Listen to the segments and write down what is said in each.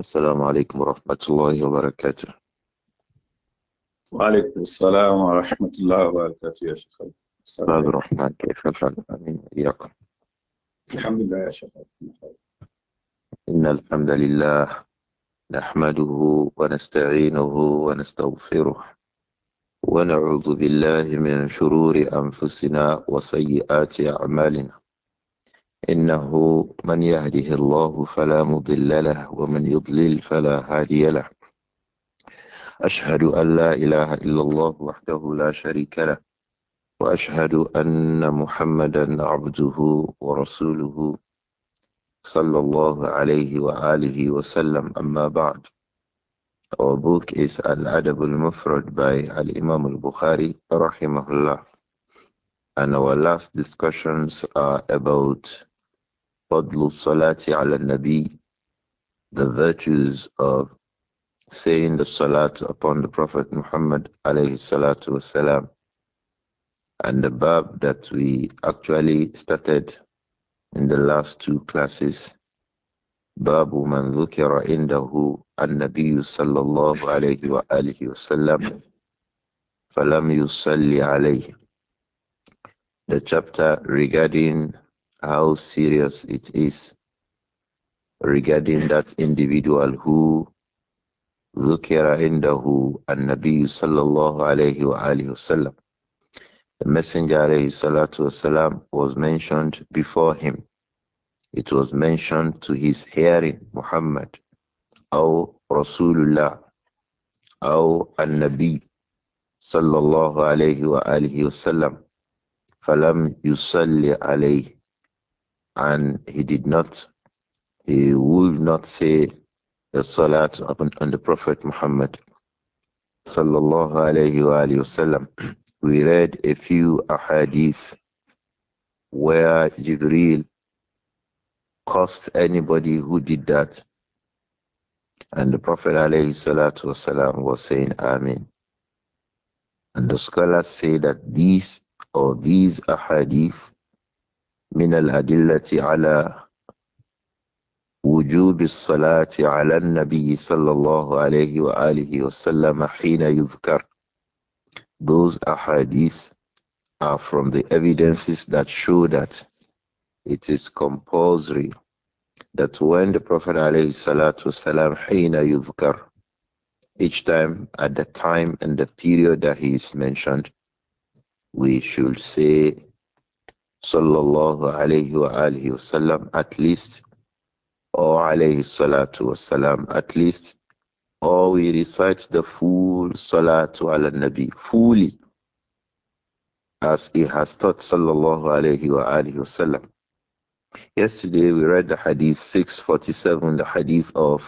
السلام عليكم ورحمة الله وبركاته وعليكم السلام ورحمة الله وبركاته يا شيخ السلام الرحمن كيف الحال؟ آمين إياكم الحمد لله يا شيخ إن الحمد لله نحمده ونستعينه ونستغفره ونعوذ بالله من شرور أنفسنا وسيئات أعمالنا إنه من يهده الله فلا مضل له ومن يضلل فلا هادي له أشهد أن لا إله إلا الله وحده لا شريك له وأشهد أن محمدا عبده ورسوله صلى الله عليه وآله وسلم أما بعد Our book is Al-Adab al-Mufrad by Al-Imam al-Bukhari rahimahullah and our last discussions are about Fadlu Salati ala Nabi, the virtues of saying the Salat upon the Prophet Muhammad alayhi salatu wasalam. And the bab that we actually started in the last two classes, Babu man dhukira indahu an-nabiyyu sallallahu alayhi wa alihi wasallam falam yusalli alayhi. The chapter regarding how serious it is regarding that individual who zukira indahu an nabiyyu sallallahu alayhi wasallam the messenger alayhi salatu wasalam was mentioned before him it was mentioned to his hearing muhammad aw rasulullah aw an nabi sallallahu alayhi wa alihi wasallam falam yusalli alayhi and he did not, he would not say the salat upon on the Prophet Muhammad sallallahu alayhi wa wasallam. We read a few ahadith where Jibril cursed anybody who did that. And the Prophet alayhi salatu wasalam was saying "Amen." And the scholars say that these or these ahadith من الأدلة على وجوب الصلاة على النبي صلى الله عليه وآله وسلم حين يذكر those ahadith are from the evidences that show that it is compulsory that when the Prophet والسلام, حين يذكر, each time at the time and the period that he is mentioned, we should say sallallahu alayhi wa alihi wasallam at least or alayhi salatu salam. at least or we recite the full salatu ala nabi fully as he has taught sallallahu alayhi wa alihi wasallam yesterday we read the hadith 647 the hadith of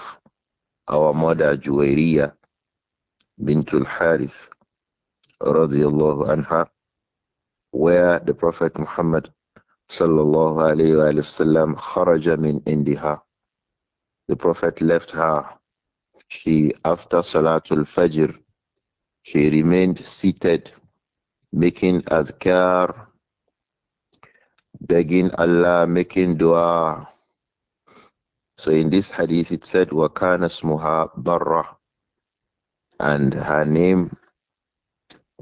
our mother Juwairiya bintul Harith radiyallahu anha where the Prophet Muhammad kharaja min indiha. The Prophet left her. She, after Salatul Fajr, she remained seated, making adhkar, begging Allah, making dua. So in this hadith it said, "Wakana smuha barra," And her name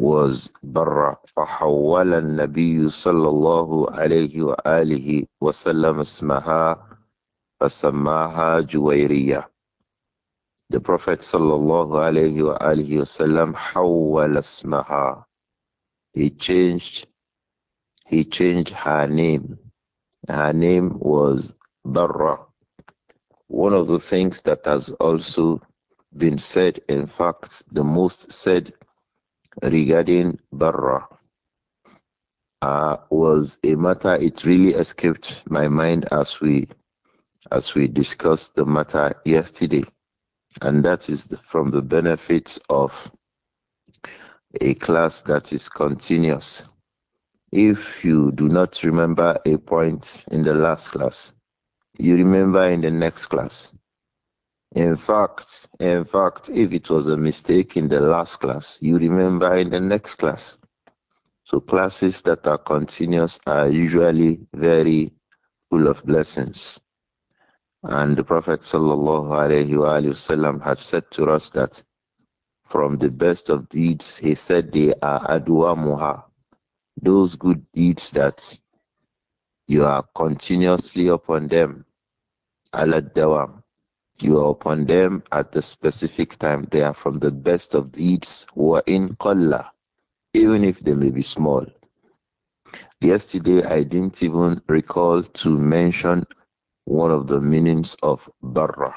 was barra. فحول النبي صلى الله عليه وآله وسلم اسمها فسماها جويرية. The Prophet صلى الله عليه وآله وسلم حول اسمها. He changed he changed her name. Her name was Barra. One of the things that has also been said, in fact, the most said regarding Barra uh, was a matter it really escaped my mind as we as we discussed the matter yesterday, and that is the, from the benefits of a class that is continuous. If you do not remember a point in the last class, you remember in the next class. In fact, in fact, if it was a mistake in the last class, you remember in the next class. So classes that are continuous are usually very full of blessings. And the Prophet wasallam had said to us that from the best of deeds, he said they are adwa muha, those good deeds that you are continuously upon them, aladwam. dawam you are upon them at the specific time. They are from the best of deeds who are in qalla, even if they may be small. Yesterday, I didn't even recall to mention one of the meanings of barra.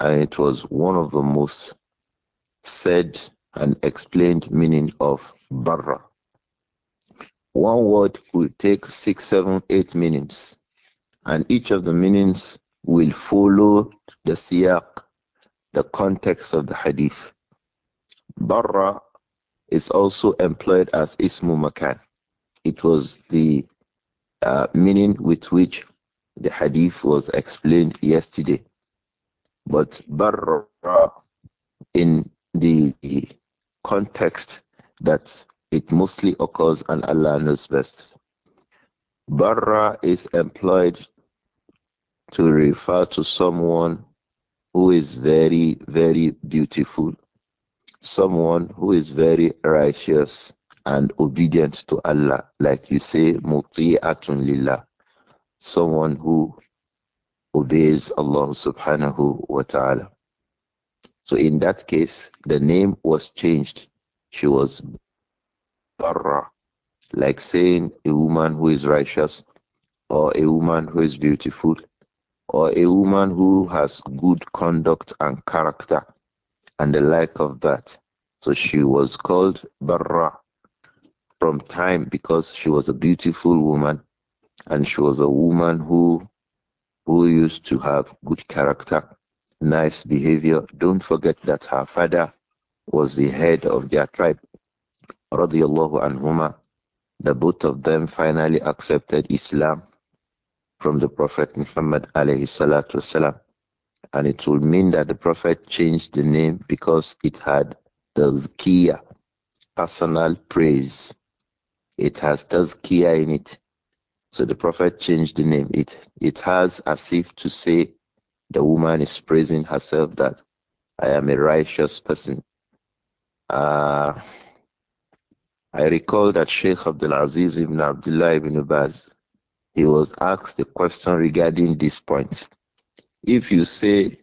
And it was one of the most said and explained meaning of barra. One word could take six, seven, eight meanings. And each of the meanings will follow the siyaq, the context of the hadith. Barra is also employed as ismu makan. It was the uh, meaning with which the hadith was explained yesterday. But barra in the context that it mostly occurs and Allah knows best. Barra is employed to refer to someone who is very, very beautiful, someone who is very righteous and obedient to Allah, like you say, muti'atun lillah, someone who obeys Allah subhanahu wa ta'ala. So in that case, the name was changed. She was Barra, like saying a woman who is righteous or a woman who is beautiful or a woman who has good conduct and character and the like of that. So she was called Barra from time because she was a beautiful woman and she was a woman who who used to have good character, nice behavior. Don't forget that her father was the head of their tribe, radiallahu anhuma. The both of them finally accepted Islam from the Prophet Muhammad alayhi salatu wasalam. And it would mean that the Prophet changed the name because it had tazkiyah, personal praise. It has tazkiyah in it. So the Prophet changed the name. It it has as if to say the woman is praising herself that I am a righteous person. Uh, I recall that Sheikh Abdul Aziz ibn Abdullah ibn Baz he was asked a question regarding this point. If you say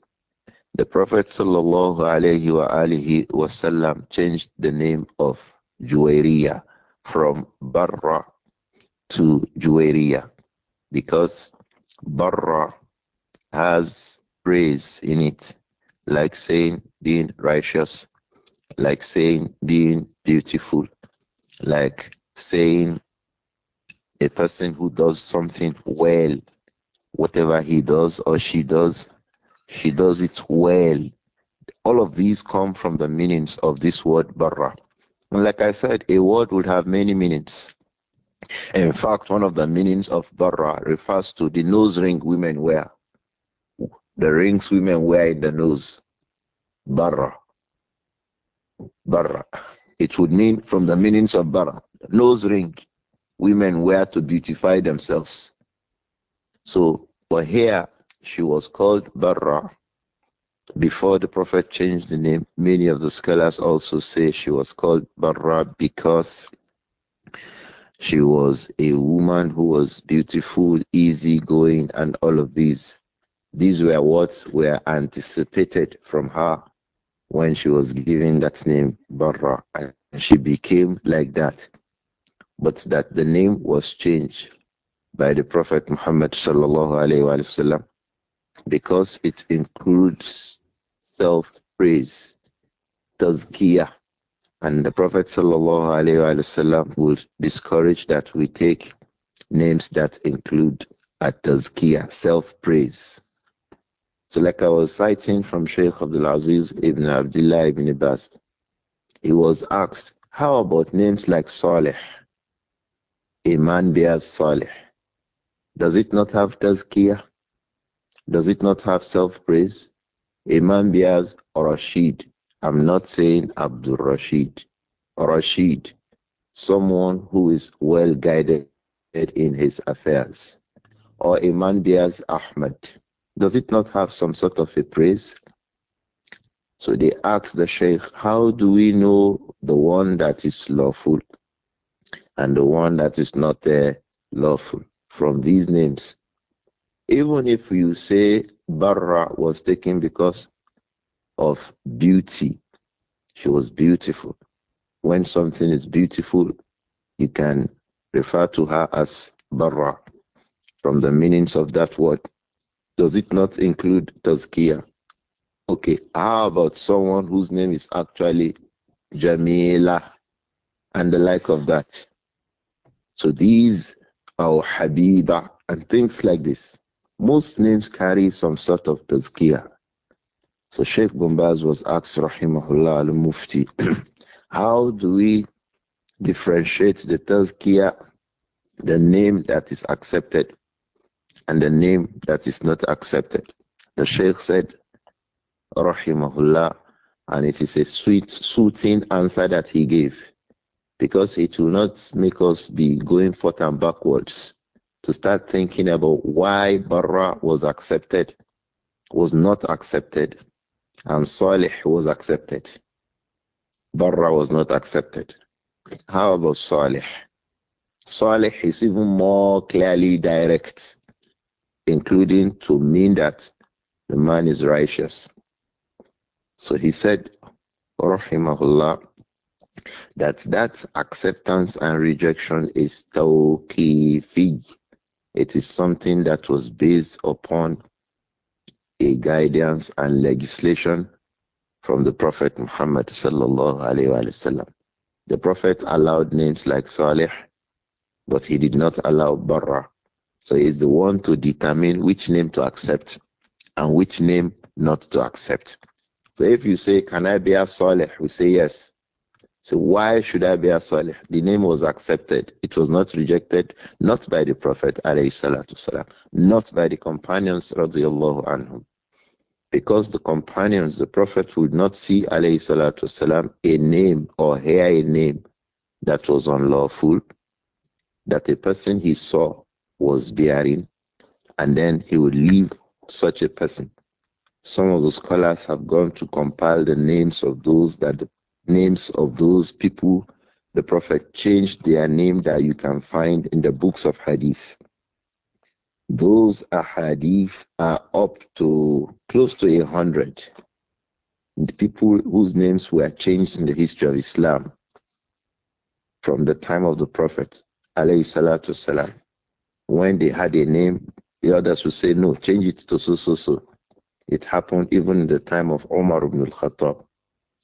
the Prophet sallallahu alaihi wasallam changed the name of Juwayriya from Barra to Juwayriya because Barra has praise in it, like saying being righteous, like saying being beautiful, like saying a person who does something well, whatever he does or she does, she does it well. All of these come from the meanings of this word barra. And like I said, a word would have many meanings. In fact, one of the meanings of barra refers to the nose ring women wear. The rings women wear in the nose. Barra. Barra. It would mean from the meanings of barra, nose ring women were to beautify themselves. So, but here she was called Barra. Before the Prophet changed the name, many of the scholars also say she was called Barra because she was a woman who was beautiful, easygoing, and all of these. These were what were anticipated from her when she was given that name, Barra, and she became like that but that the name was changed by the Prophet Muhammad sallallahu alaihi wasallam because it includes self-praise, tazkiyah, and the Prophet sallallahu alaihi wasallam will discourage that we take names that include at-tazkiyah, self-praise. So, like I was citing from Sheikh Abdul Aziz ibn Abdullah ibn Abbas, he was asked, How about names like Saleh? a man bears Salih? Does it not have tazkiyah? Does it not have self praise? A man bears Rashid. I'm not saying Abdul Rashid. Rashid, someone who is well guided in his affairs. Or a man bears Ahmad. Does it not have some sort of a praise? So they asked the Sheikh, How do we know the one that is lawful and the one that is not uh, lawful from these names. Even if you say Barra was taken because of beauty, she was beautiful. When something is beautiful, you can refer to her as Barra from the meanings of that word. Does it not include Tazkiyah? Okay, how about someone whose name is actually Jamila and the like of that? So these our Habiba and things like this. Most names carry some sort of tazkiyah. So Sheikh Bombaz was asked, Rahimahullah al Mufti, how do we differentiate the tazkiyah, the name that is accepted and the name that is not accepted? The Sheikh said, Rahimahullah, and it is a sweet, soothing answer that he gave because it will not make us be going forth and backwards to start thinking about why Barra was accepted, was not accepted, and Salih was accepted. Barra was not accepted. How about Salih? Salih is even more clearly direct, including to mean that the man is righteous. So he said, Rahimahullah, that that acceptance and rejection is tawqifi. It is something that was based upon a guidance and legislation from the Prophet Muhammad sallallahu alaihi wasallam. The Prophet allowed names like Saleh, but he did not allow Barra. So he is the one to determine which name to accept and which name not to accept. So if you say, "Can I be a Saleh?" we say yes. So why should I be a Salih? The name was accepted. It was not rejected, not by the Prophet والسلام, not by the companions anhum. Because the companions, the Prophet would not see والسلام, a name or hear a name that was unlawful, that a person he saw was bearing, and then he would leave such a person. Some of the scholars have gone to compile the names of those that the names of those people the Prophet changed their name that you can find in the books of Hadith. Those Hadith are up to close to a hundred. People whose names were changed in the history of Islam from the time of the Prophet والسلام, when they had a name, the others would say, No, change it to so so so. It happened even in the time of Omar ibn al Khattab.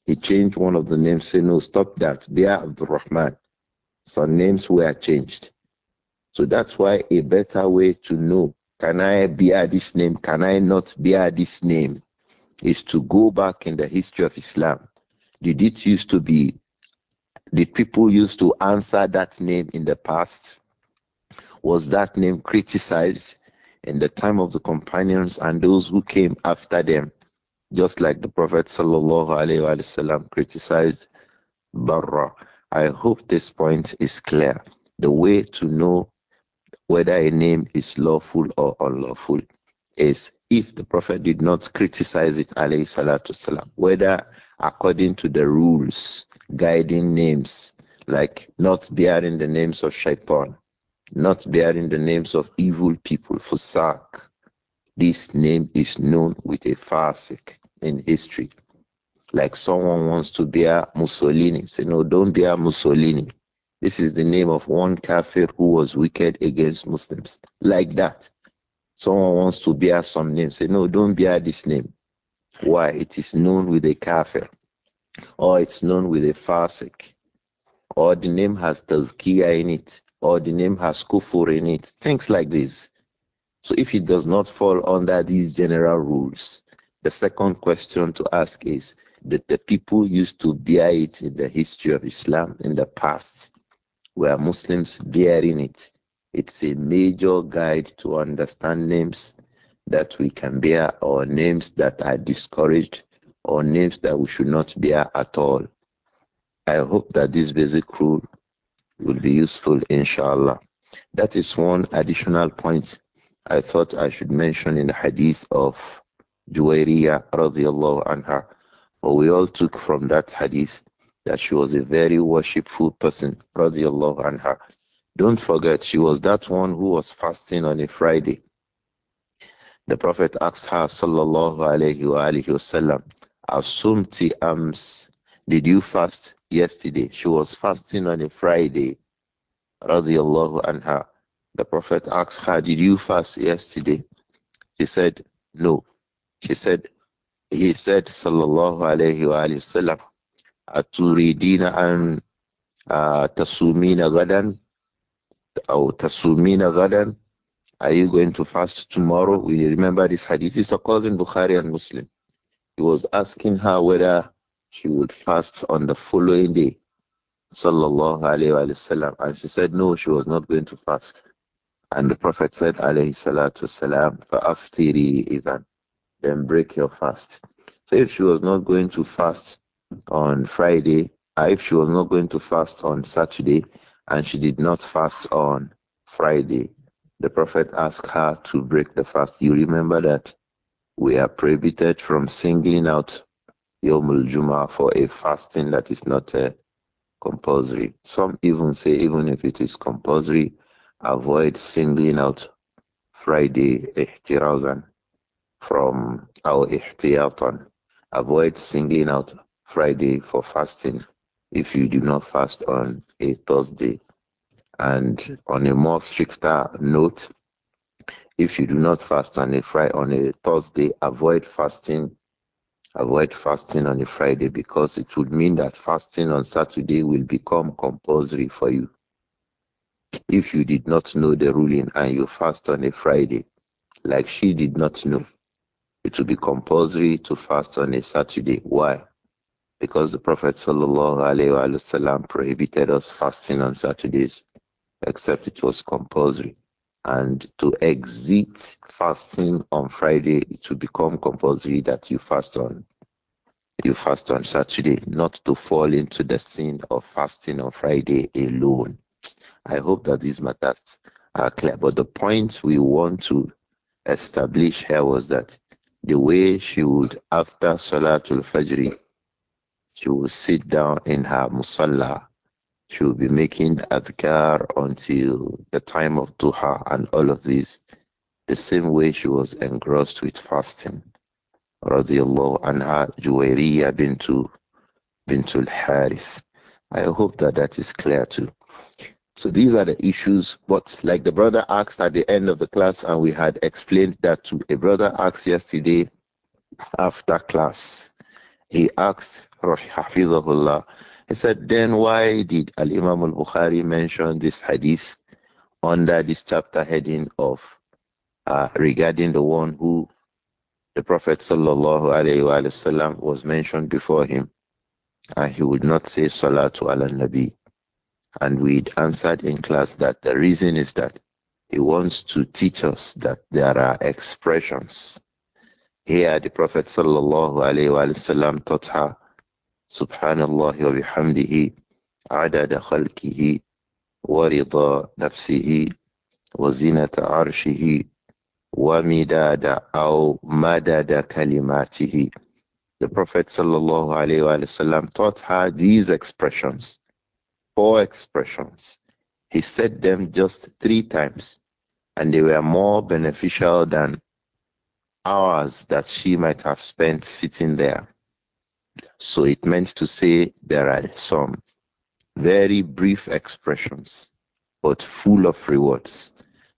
He changed one of the names, say, no, stop that. They are Abdul Rahman. Some names were changed. So that's why a better way to know can I bear this name? Can I not bear this name? Is to go back in the history of Islam. Did it used to be, did people used to answer that name in the past? Was that name criticized in the time of the companions and those who came after them? Just like the Prophet وسلم, criticized Barra. I hope this point is clear. The way to know whether a name is lawful or unlawful is if the Prophet did not criticize it, whether according to the rules guiding names, like not bearing the names of shaitan, not bearing the names of evil people, fusak, this name is known with a fasik in history. Like someone wants to bear Mussolini. Say, no, don't bear Mussolini. This is the name of one kafir who was wicked against Muslims. Like that. Someone wants to bear some name. Say, no, don't bear this name. Why? It is known with a kafir. Or it's known with a fasik. Or the name has tazkiyah in it. Or the name has kufur in it. Things like this so if it does not fall under these general rules, the second question to ask is that the people used to bear it in the history of Islam in the past. Were Muslims bearing it? It's a major guide to understand names that we can bear or names that are discouraged or names that we should not bear at all. I hope that this basic rule will be useful, inshallah. That is one additional point I thought I should mention in the hadith of Juwairiya radiallahu anha. But we all took from that hadith that she was a very worshipful person radiallahu anha. Don't forget, she was that one who was fasting on a Friday. The Prophet asked her, sallallahu alayhi wa alayhi wasallam, Asumti ams, did you fast yesterday? She was fasting on a Friday, radiallahu anha. The Prophet asked her, Did you fast yesterday? She said, No. She said, He said, Sallallahu Alaihi Wasallam, Aturidina an uh, tasumina gadan, or tasumina gadan. Are you going to fast tomorrow? We remember this hadith. It's occurs in Bukhari and Muslim. He was asking her whether she would fast on the following day sallallahu alayhi Wasallam, And she said, no, she was not going to fast. And the Prophet said, alayhi salatu salam, fa'aftiri idhan, then break your fast. So if she was not going to fast on Friday, uh, if she was not going to fast on Saturday, and she did not fast on Friday, the Prophet asked her to break the fast. You remember that we are prohibited from singling out Yomul Juma for a fasting that is not uh, compulsory. Some even say, even if it is compulsory, avoid singling out Friday ihtirazan from our ihtiyatan. Avoid singling out Friday for fasting if you do not fast on a Thursday. And on a more stricter note, if you do not fast on a Friday on a Thursday, avoid fasting. Avoid fasting on a Friday because it would mean that fasting on Saturday will become compulsory for you. If you did not know the ruling and you fast on a Friday, like she did not know, it will be compulsory to fast on a Saturday. Why? Because the Prophet ﷺ prohibited us fasting on Saturdays, except it was compulsory. And to exit fasting on Friday, it will become compulsory that you fast on you fast on Saturday, not to fall into the sin of fasting on Friday alone. I hope that these matters are clear. But the point we want to establish here was that the way she would, after Salatul Fajr, she would sit down in her musalla. She would be making adhkar until the time of duha and all of this. The same way she was engrossed with fasting. Radiallahu anha, Juwairiya bintu, bintul Harith. I hope that that is clear too. So these are the issues. But like the brother asked at the end of the class, and we had explained that to a brother asked yesterday after class. He asked Hafizahullah, he said, then why did Al Imam al Bukhari mention this hadith under this chapter heading of uh, regarding the one who the Prophet sallallahu alaihi wasallam was mentioned before him, and he would not say salatu ala nabi and we would answered in class that the reason is that he wants to teach us that there are expressions. Here the Prophet sallallahu alaihi wasallam taught her subhanallah wa bihamdihi عدد خلقه warida nafsihi, وزنة عرشه wamidada, أو madada كلماته The Prophet sallallahu alaihi wasallam taught her these expressions four expressions. He said them just three times, and they were more beneficial than hours that she might have spent sitting there. So it meant to say there are some very brief expressions, but full of rewards.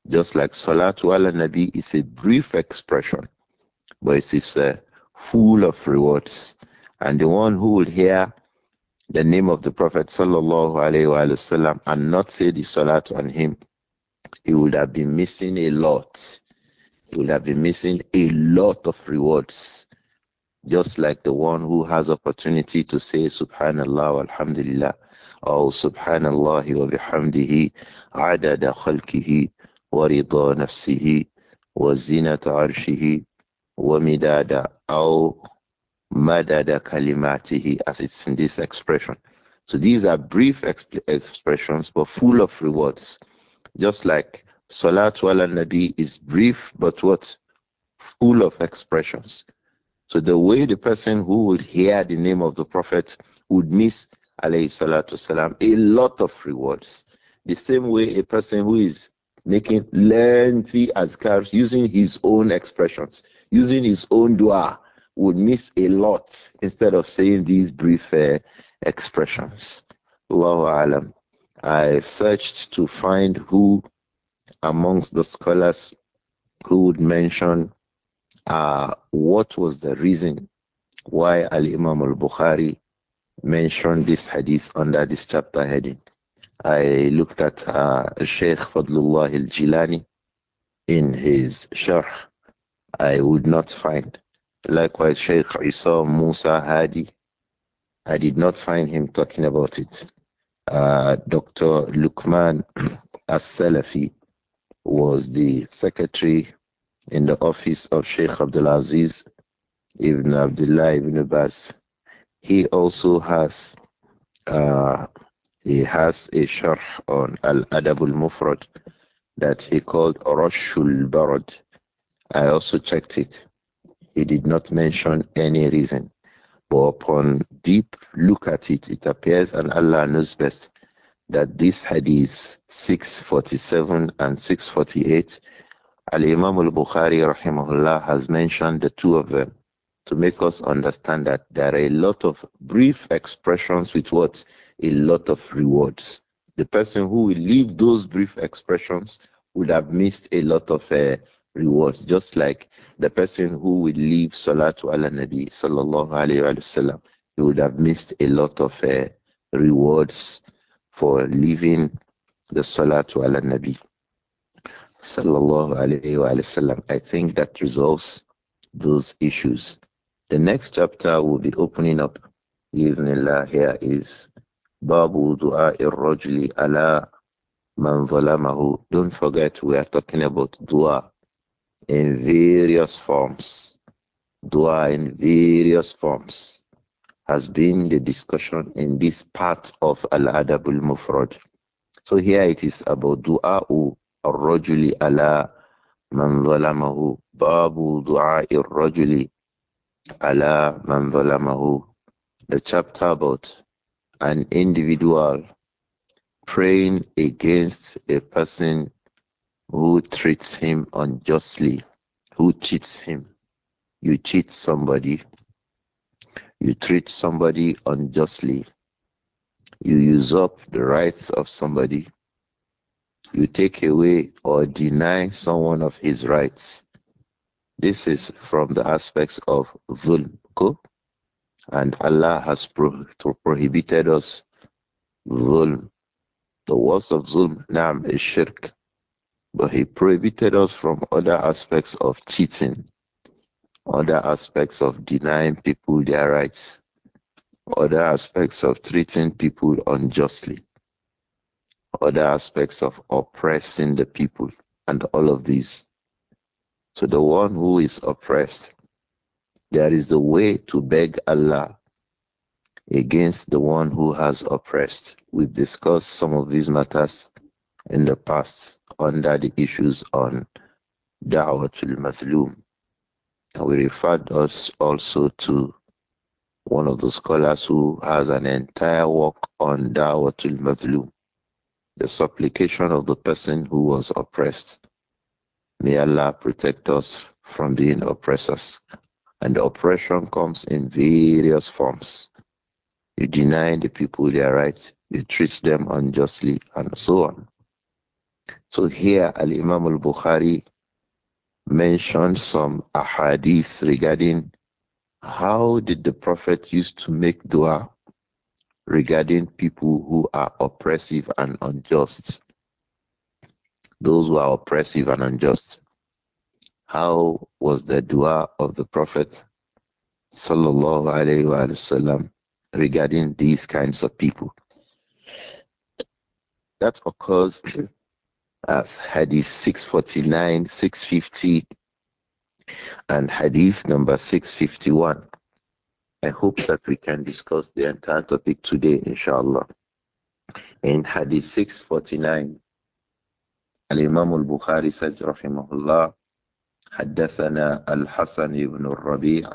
Just like Salatu ala Nabi is a brief expression, but it is uh, full of rewards. And the one who will hear the name of the Prophet sallallahu alaihi wasallam and not say the salat on him, he would have been missing a lot. He would have been missing a lot of rewards, just like the one who has opportunity to say Subhanallah, Alhamdulillah, or Subhanallah wa bihamdihi, adada khalkihi, wa rida nafsihi, wa zinata arshihi, wa midada, أو madada kalimatihi, as it's in this expression. So these are brief exp expressions, but full of rewards. Just like Salatu ala Nabi is brief, but what? Full of expressions. So the way the person who would hear the name of the Prophet would miss alayhi salatu salam a lot of rewards. The same way a person who is making lengthy azkars using his own expressions, using his own dua, would miss a lot instead of saying these brief uh, expressions. Allahu Alam. I searched to find who amongst the scholars who would mention uh, what was the reason why Al Imam al Bukhari mentioned this hadith under this chapter heading. I looked at uh, Sheikh Fadlullah al Jilani in his Sharh. I would not find. Likewise, Sheikh Isa Musa Hadi, I did not find him talking about it. Uh, Dr. Lukman As-Salafi was the secretary in the office of Sheikh Abdulaziz Ibn Abdullah Ibn Abbas. He also has uh, he has a sharh on al Adabul mufrad that he called Rashul Barad. I also checked it. He did not mention any reason. But upon deep look at it, it appears, and Allah knows best, that this hadith 647 and 648, Al Imam al Bukhari rahimahullah has mentioned the two of them to make us understand that there are a lot of brief expressions with what? A lot of rewards. The person who will leave those brief expressions would have missed a lot of uh, rewards, just like the person who will leave to Allah Nabi sallallahu alaihi wasallam, he would have missed a lot of uh, rewards for leaving the to Allah Nabi sallallahu alaihi wasallam. I think that resolves those issues. The next chapter will be opening up, Allah here is Babu Dua Irrajli ala Man Don't forget we are talking about dua in various forms. Dua in various forms has been the discussion in this part of Al Adabul Mufrad. So here it is about dua الرجل على من ظلمه باب dua الرجل ala من ظلمه the chapter about an individual praying against a person who treats him unjustly, who cheats him. You cheat somebody, you treat somebody unjustly, you usurp the rights of somebody, you take away or deny someone of his rights. This is from the aspects of zulm. And Allah has pro prohibited us zulm. The worst of zulm, nam, is shirk. But He prohibited us from other aspects of cheating, other aspects of denying people their rights, other aspects of treating people unjustly, other aspects of oppressing the people, and all of these. So the one who is oppressed, there is a way to beg Allah against the one who has oppressed. We've discussed some of these matters in the past under the issues on Da'watul Mathloom. And we referred us also to one of the scholars who has an entire work on Da'watul Mathloom, the supplication of the person who was oppressed. May Allah protect us from being oppressors. And oppression comes in various forms. You deny the people their rights, you treat them unjustly, and so on. So here Al Imam al Bukhari mentioned some ahadith regarding how did the Prophet used to make dua regarding people who are oppressive and unjust. Those who are oppressive and unjust. How was the dua of the Prophet sallallahu alaihi wasallam regarding these kinds of people? That occurs as Hadith 649, 650, and Hadith number 651. I hope that we can discuss the entire topic today, inshallah. In Hadith 649, Al الإمام البخاري سج رحمه الله حدثنا الحسن بن الربيع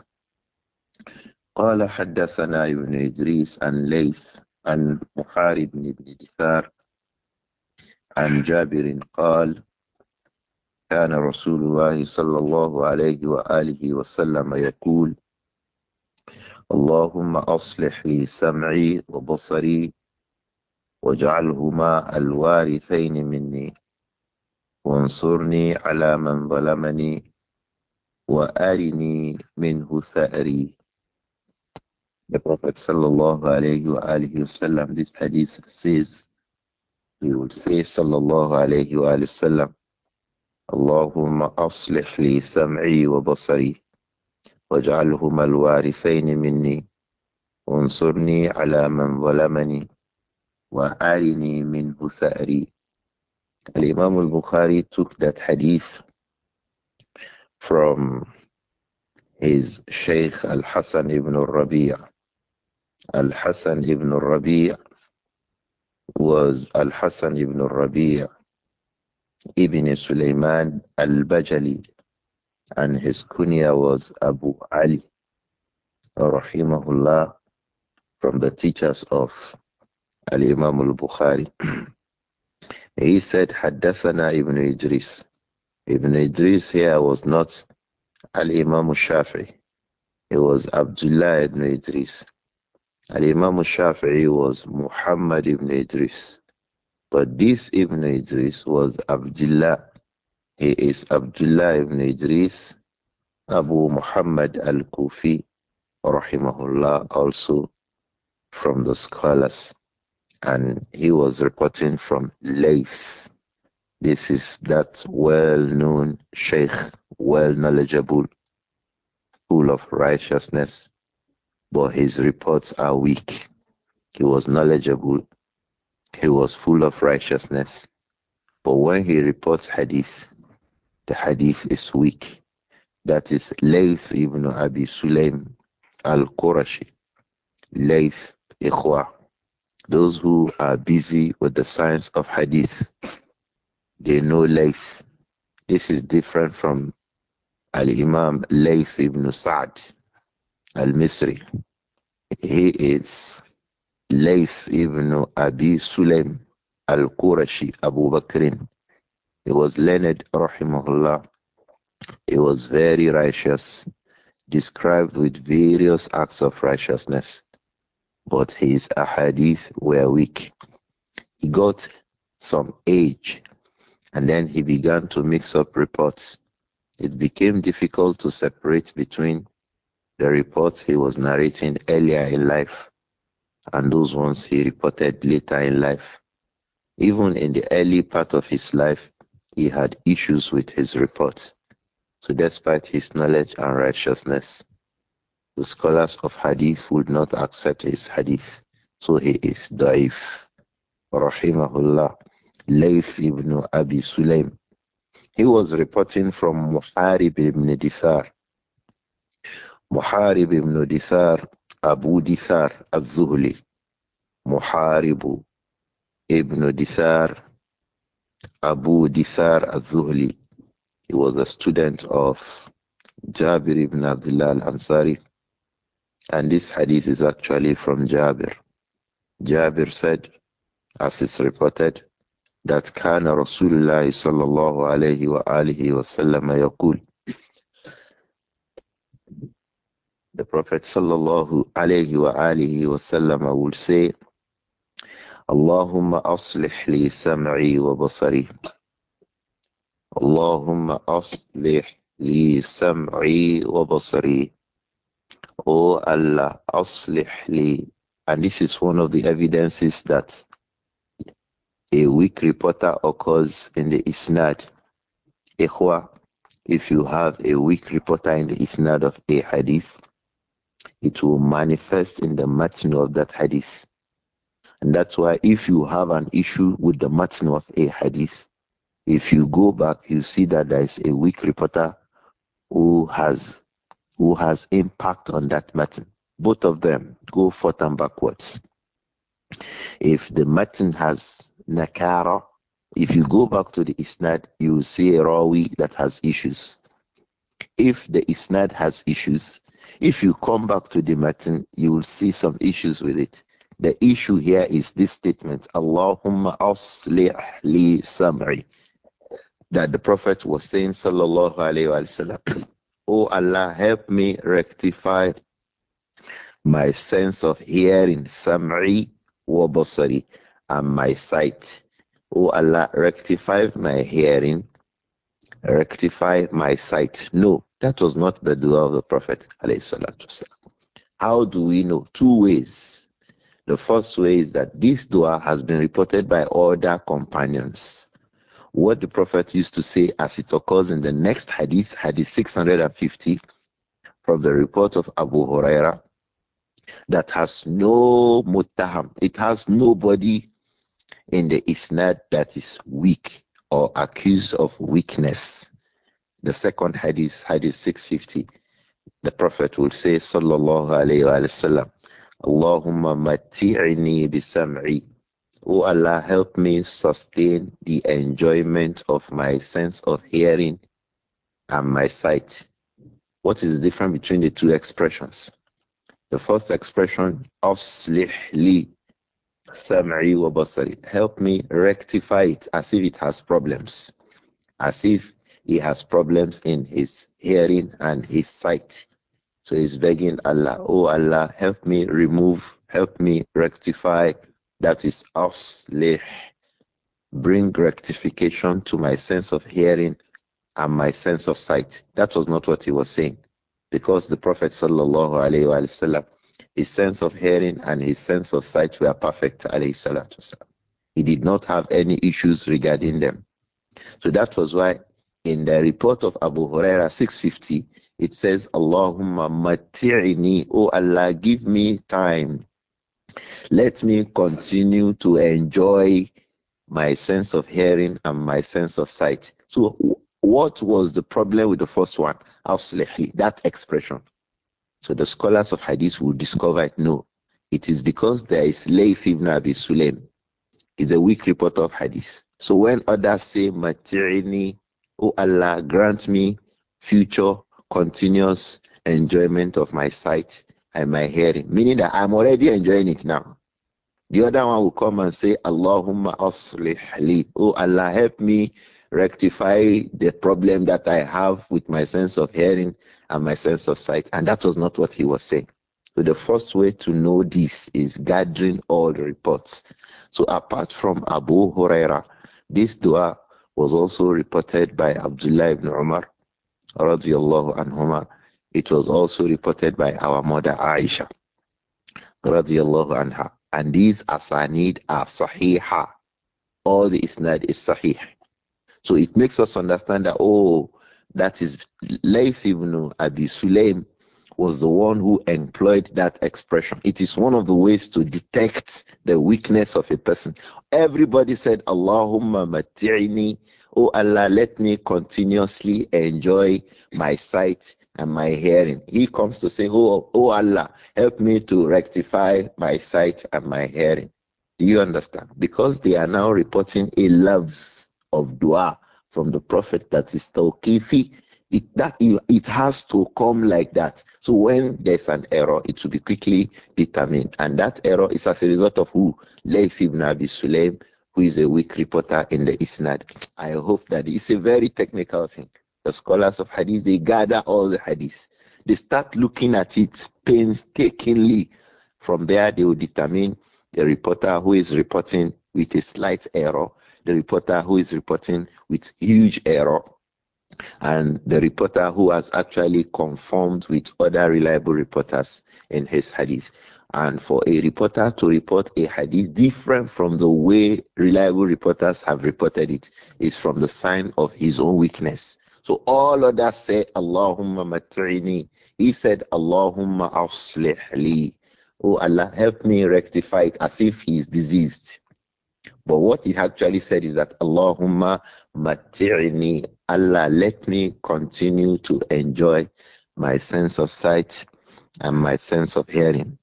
قال حدثنا ابن إدريس عن ليث عن محارب بن إبن دثار عن جابر قال كان رسول الله صلى الله عليه وآله وسلم يقول اللهم أصلح لي سمعي وبصري واجعلهما الوارثين مني وانصرني على من ظلمني وأرني منه ثأري The Prophet sallallahu alayhi wa wa sallam, this hadith says he would say sallallahu alayhi wa sallam Allahumma aslih li sam'i wa basari waj'alhuma al-warithayn minni unsurni ala man zalamani wa arini min thari al-imam al-bukhari took that hadith from his Shaykh al-hasan ibn al-rabi' al-hasan ibn al-rabi' was Al Hassan ibn Rabi' ibn Sulaiman al Bajali, and his kunya was Abu Ali, rahimahullah, from the teachers of Al Imam al Bukhari. he said, Haddathana ibn Idris. Ibn Idris here was not Al Imam al Shafi, it was Abdullah ibn Idris. And Imam Shafi'i was Muhammad ibn Idris. But this Ibn Idris was Abdullah. He is Abdullah ibn Idris, Abu Muhammad al Kufi, rahimahullah, also from the scholars. And he was reporting from Leith. This is that well known Sheikh, well knowledgeable, full of righteousness, but his reports are weak. He was knowledgeable, he was full of righteousness. But when he reports hadith, the hadith is weak. That is Layth ibn Abi Sulaim al Qurashi. Layth, Ikhwa. Those who are busy with the science of hadith, they know Layth. This is different from Al Imam Layth ibn Sa'd. Al-Misri. He is Layth ibn Abi Sulaim Al-Qurashi Abu Bakrin. He was learned, rahimahullah. He was very righteous, described with various acts of righteousness, but his ahadith were weak. He got some age, and then he began to mix up reports. It became difficult to separate between the reports he was narrating earlier in life and those ones he reported later in life. Even in the early part of his life, he had issues with his reports. So, despite his knowledge and righteousness, the scholars of hadith would not accept his hadith. So, he is daif. Rahimahullah. Layth ibn Abi Sulaim. He was reporting from Muharib ibn Dithar. محارب ابن Dithar, أبو Dithar al محارب ابن ibn أبو Abu Dithar He was a student of Jabir ibn Abdullah al-Ansari. And this hadith is actually from Jabir. Jabir said, as is reported, that كان رسول الله صلى الله عليه وآله وسلم يقول The Prophet sallallahu alayhi wa alihi sallam would say, Allahumma aslih li sam'i wa basari. Allahumma aslih li sam'i wa basari. O Allah, aslih li. And this is one of the evidences that a weak reporter occurs in the isnad. Ikhwa, if you have a weak reporter in the isnad of a hadith, it will manifest in the matn of that hadith. And that's why if you have an issue with the matn of a hadith, if you go back, you see that there is a weak reporter who has who has impact on that matin. Both of them go forth and backwards. If the matin has nakara, if you go back to the isnad, you will see a rawi that has issues if the isnad has issues. If you come back to the matin, you will see some issues with it. The issue here is this statement, Allahumma aslih li samri," that the Prophet was saying, sallallahu alayhi wa sallam, O Allah, help me rectify my sense of hearing, samri wa basari, and my sight. O Allah, rectify my hearing, rectify my sight. No, that was not the dua of the Prophet. How do we know? Two ways. The first way is that this dua has been reported by other companions. What the Prophet used to say, as it occurs in the next hadith, hadith 650, from the report of Abu Huraira, that has no muttaham. it has nobody in the isnad that is weak or accused of weakness. The second hadith, hadith 650, the Prophet will say, Sallallahu Alaihi Wasallam, Allahumma mati'ini bisam'i. O Allah, help me sustain the enjoyment of my sense of hearing and my sight. What is the difference between the two expressions? The first expression, أصلح لي Help me rectify it as if it has problems, as if he has problems in his hearing and his sight. So he's begging Allah, Oh Allah, help me remove, help me rectify. That is aslih. Bring rectification to my sense of hearing and my sense of sight. That was not what he was saying. Because the Prophet sallallahu alayhi wasallam. His sense of hearing and his sense of sight were perfect, He did not have any issues regarding them. So that was why in the report of Abu Huraira 650, it says, Allahumma mati'ini, O Allah, give me time. Let me continue to enjoy my sense of hearing and my sense of sight. So, what was the problem with the first one? Absolutely, that expression. So the scholars of hadith will discover it. No, it is because there is Layth ibn Abi Sulaim. It's a weak report of hadith. So when others say, Mati'ini, O Allah, grant me future continuous enjoyment of my sight and my hearing, meaning that I'm already enjoying it now. The other one will come and say, Allahumma aslih li. Oh Allah, help me rectify the problem that I have with my sense of hearing and my sense of sight. And that was not what he was saying. So the first way to know this is gathering all the reports. So apart from Abu Huraira, this dua was also reported by Abdullah ibn Umar radiallahu anhuma. It was also reported by our mother Aisha radiallahu anha. And these asanid are sahiha. All the isnad is sahih. So it makes us understand that, oh, that is Lays ibn Abi Sulaim was the one who employed that expression. It is one of the ways to detect the weakness of a person. Everybody said, Allahumma matiini." oh Allah, let me continuously enjoy my sight and my hearing. He comes to say, oh, oh Allah, help me to rectify my sight and my hearing. Do you understand? Because they are now reporting a loves of dua from the Prophet that is tawqifi. It, that, it has to come like that. So when there's an error, it should be quickly determined. And that error is as a result of who? Lays ibn Abi Sulaim, who is a weak reporter in the Isnad. I hope that it's a very technical thing. The scholars of Hadith, they gather all the Hadith. They start looking at it painstakingly. From there, they will determine the reporter who is reporting with a slight error the reporter who is reporting with huge error and the reporter who has actually confirmed with other reliable reporters in his hadith. And for a reporter to report a hadith different from the way reliable reporters have reported it is from the sign of his own weakness. So all others say, Allahumma matrini, He said, Allahumma afslih Oh Allah, help me rectify it as if he is diseased. But what he actually said is that Allahumma mati'ni, Allah, let me continue to enjoy my sense of sight and my sense of hearing.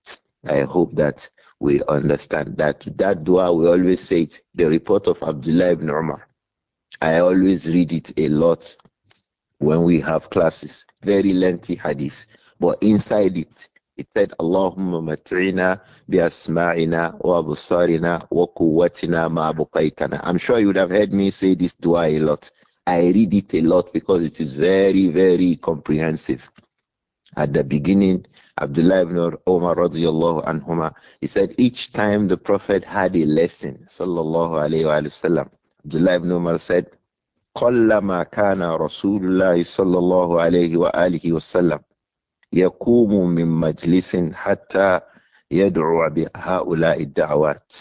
I hope that we understand that that dua we always say it, the report of Abdullah ibn Umar. I always read it a lot when we have classes, very lengthy hadith. But inside it, it said, Allahumma matrina bi asma'ina wa busarina wa quwwatina ma buqaitana. I'm sure you would have heard me say this dua a lot. I read it a lot because it is very, very comprehensive. At the beginning, Abdullah ibn Umar radiallahu anhuma, he said each time the Prophet had a lesson, sallallahu alayhi wa sallam, Abdullah ibn Umar said, قَلَّمَا كَانَ رَسُولُ اللَّهِ صَلَّى اللَّهُ عَلَيْهِ وَآلِهِ وَسَلَّمَ يقوم من مجلس حتى يدعو بهؤلاء الدعوات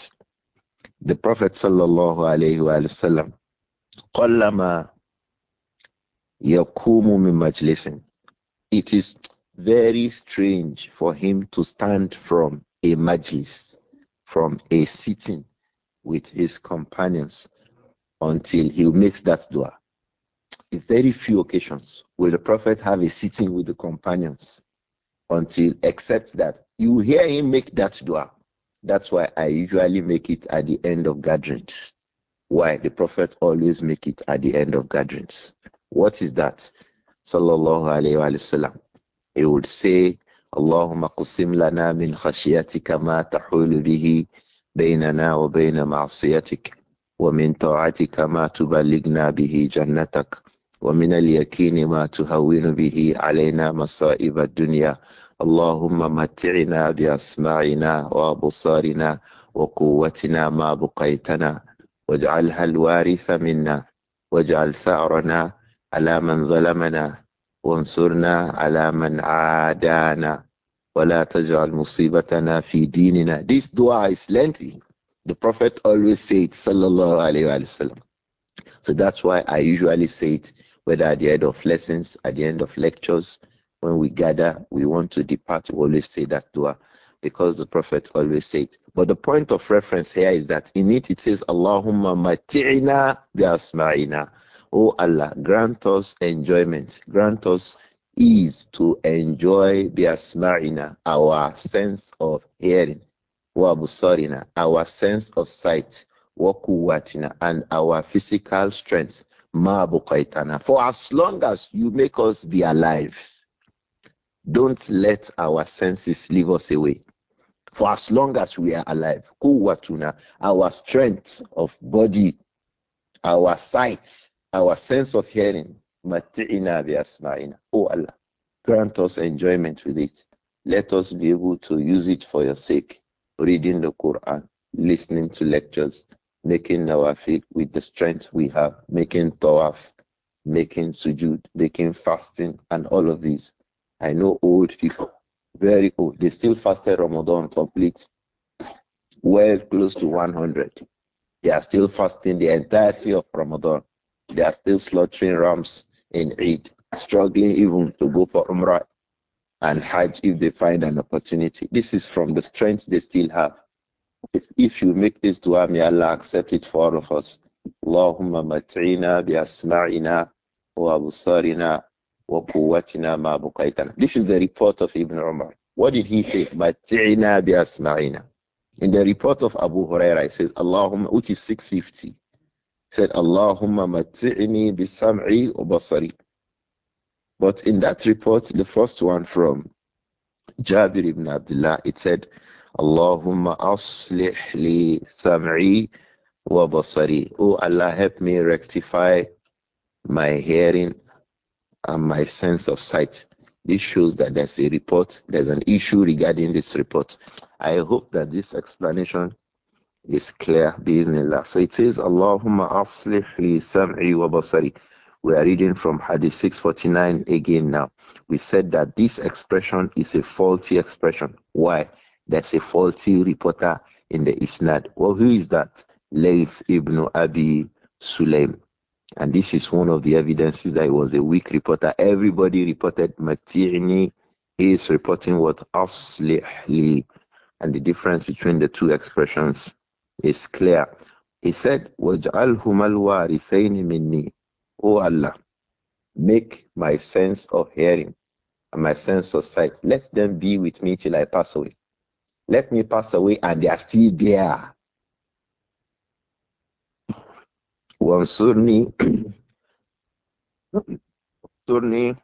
The Prophet صلى الله عليه وآله وسلم قلما يقوم من مجلس It is very strange for him to stand from a majlis, from a sitting with his companions until he makes that dua very few occasions will the Prophet have a sitting with the companions until, except that you hear him make that dua. That's why I usually make it at the end of gatherings. Why the Prophet always make it at the end of gatherings. What is that? Sallallahu alayhi wa sallam. He would say, اللهم قسم لنا من خشيتك bihi تحول wa bayna وبين معصيتك ومن طاعتك ما تبلغنا bihi جنتك ومن اليقين ما تهون به علينا مصائب الدنيا اللهم متعنا بأسماعنا وأبصارنا وقوتنا ما بقيتنا واجعلها الوارث منا واجعل ثأرنا على من ظلمنا وانصرنا على من عادانا ولا تجعل مصيبتنا في ديننا This dua is lengthy. The Prophet always said, sallallahu alayhi wa So that's why I usually say it whether at the end of lessons, at the end of lectures, when we gather, we want to depart, we always say that dua because the Prophet always said. But the point of reference here is that in it it says, Allahumma mati'ina biasma'ina. Oh Allah, grant us enjoyment, grant us ease to enjoy biasma'ina, our sense of hearing, wa busarina, our sense of sight, wa quwwatina, and our physical strength. Ma buqaitana. For as long as you make us be alive, don't let our senses leave us away. For as long as we are alive, kuwatuna, our strength of body, our sight, our sense of hearing, mati'ina biasma'ina. Oh Allah, grant us enjoyment with it. Let us be able to use it for your sake. Reading the Quran, listening to lectures, making our with the strength we have, making tawaf, making sujud, making fasting, and all of these. I know old people, very old. They still fasted Ramadan complete, well close to 100. They are still fasting the entirety of Ramadan. They are still slaughtering rams in Eid, struggling even to go for Umrah and Hajj if they find an opportunity. This is from the strength they still have. If, if you make this dua, may Allah accept it for all of us. اللهم متعنا بأسماعنا وأبصارنا وقوتنا ما buqaitana. This is the report of Ibn Umar. What did he say? متعنا بأسماعنا. In the report of Abu Huraira, it says, Allahumma, which is 650, it said, Allahumma mati'ni bisam'i basari. But in that report, the first one from Jabir ibn Abdullah, it said, Allahumma aslihi li wa basari. Oh Allah, help me rectify my hearing and my sense of sight. This shows that there's a report, there's an issue regarding this report. I hope that this explanation is clear, Bismillah. So it says, Allahumma aslihi li wa basari. We are reading from Hadith 649 again now. We said that this expression is a faulty expression. Why? That's a faulty reporter in the Isnad. Well, who is that? Layth ibn Abi Sulaim. And this is one of the evidences that he was a weak reporter. Everybody reported Matirni. He is reporting what Aslihli. And the difference between the two expressions is clear. He said, O Allah, make my sense of hearing and my sense of sight, let them be with me till I pass away. Let me pass away and they are still there. وانصرني انصرني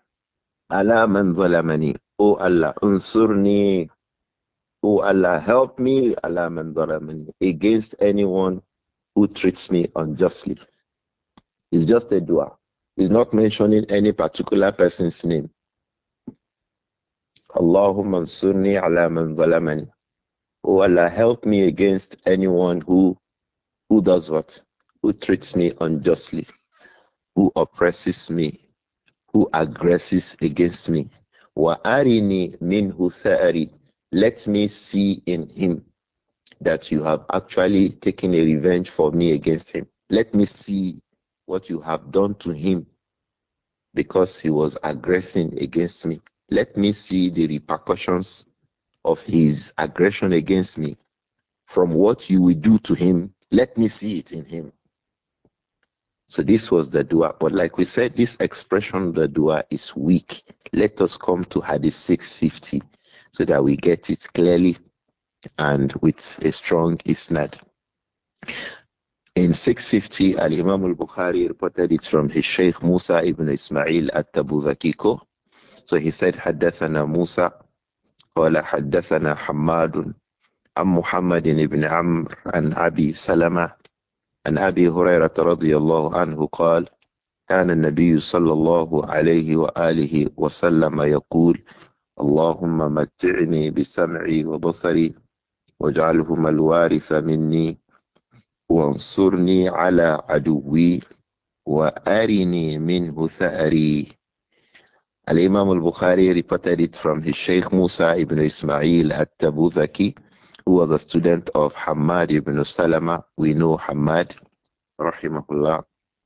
على من O Allah انصرني O Allah help me على من against anyone who treats me unjustly It's just a dua It's not mentioning any particular person's name Allahumma انصرني على من ظلمني Oh Allah, help me against anyone who who does what? Who treats me unjustly, who oppresses me, who aggresses against me. Wa arini minhu tha'ari. Let me see in him that you have actually taken a revenge for me against him. Let me see what you have done to him because he was aggressing against me. Let me see the repercussions of his aggression against me, from what you will do to him, let me see it in him. So this was the dua. But like we said, this expression, the dua, is weak. Let us come to Hadith 650 so that we get it clearly and with a strong isnad. In 650, Al Imam al Bukhari reported it from his Shaykh Musa ibn Ismail at Tabu So he said, Haddathana Musa قال حدثنا حماد عن محمد بن عمرو عن أبي سلمة عن أبي هريرة رضي الله عنه قال كان النبي صلى الله عليه وآله وسلم يقول اللهم متعني بسمعي وبصري واجعلهما الوارث مني وانصرني على عدوي وأرني منه ثأري Al Imam al Bukhari reported it from his Sheikh Musa ibn Ismail at Tabuzaki, who was a student of Hamad ibn Salama. We know Hamad, rahimahullah.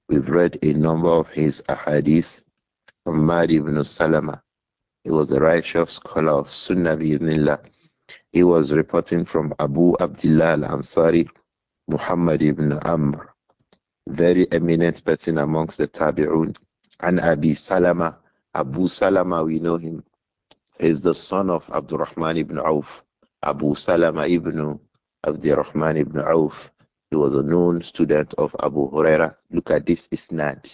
We've read a number of his ahadith. Hamad ibn Salama. He was a righteous scholar of Sunnah bi'idhnillah. He was reporting from Abu Abdullah al-Ansari, Muhammad ibn Amr, very eminent person amongst the Tabi'un, and Abi Salama, Abu Salama, we know him, is the son of Abdurrahman ibn Auf. Abu Salama ibn Abdurrahman ibn Auf. He was a known student of Abu Huraira. Look at this isnad.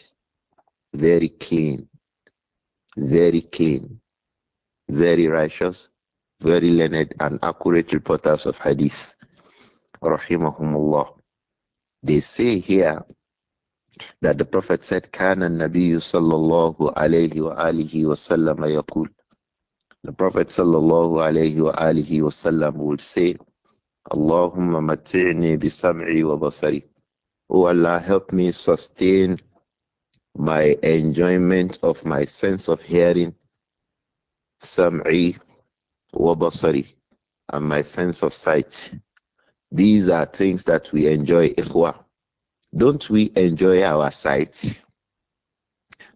Very clean. Very clean. Very righteous. Very learned and accurate reporters of hadith. Rahimahumullah. They say here that the Prophet said, Kana Nabiyu sallallahu alayhi wa alihi wasallam yaqul. The Prophet sallallahu alayhi wa alihi wasallam would say, Allahumma mati'ni bi sam'i wa basari. Oh Allah, help me sustain my enjoyment of my sense of hearing, sam'i wa basari, and my sense of sight. These are things that we enjoy, ikhwah don't we enjoy our sight?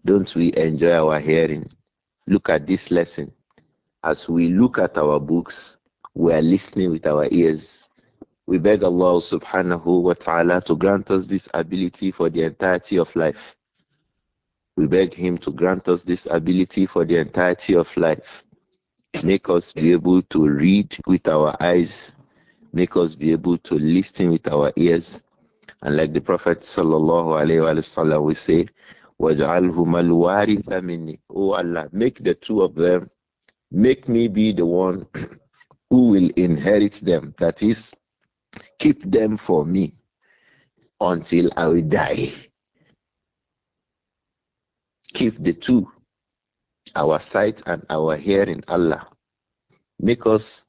Don't we enjoy our hearing? Look at this lesson. As we look at our books, we are listening with our ears. We beg Allah subhanahu wa ta'ala to grant us this ability for the entirety of life. We beg Him to grant us this ability for the entirety of life. Make us be able to read with our eyes. Make us be able to listen with our ears and like the Prophet sallallahu alaihi wasallam, we say, وَاجْعَلْهُمَا الْوَارِثَ مِنِّي O Allah, make the two of them, make me be the one who will inherit them. That is, keep them for me until I will die. Keep the two, our sight and our hearing, Allah. Make us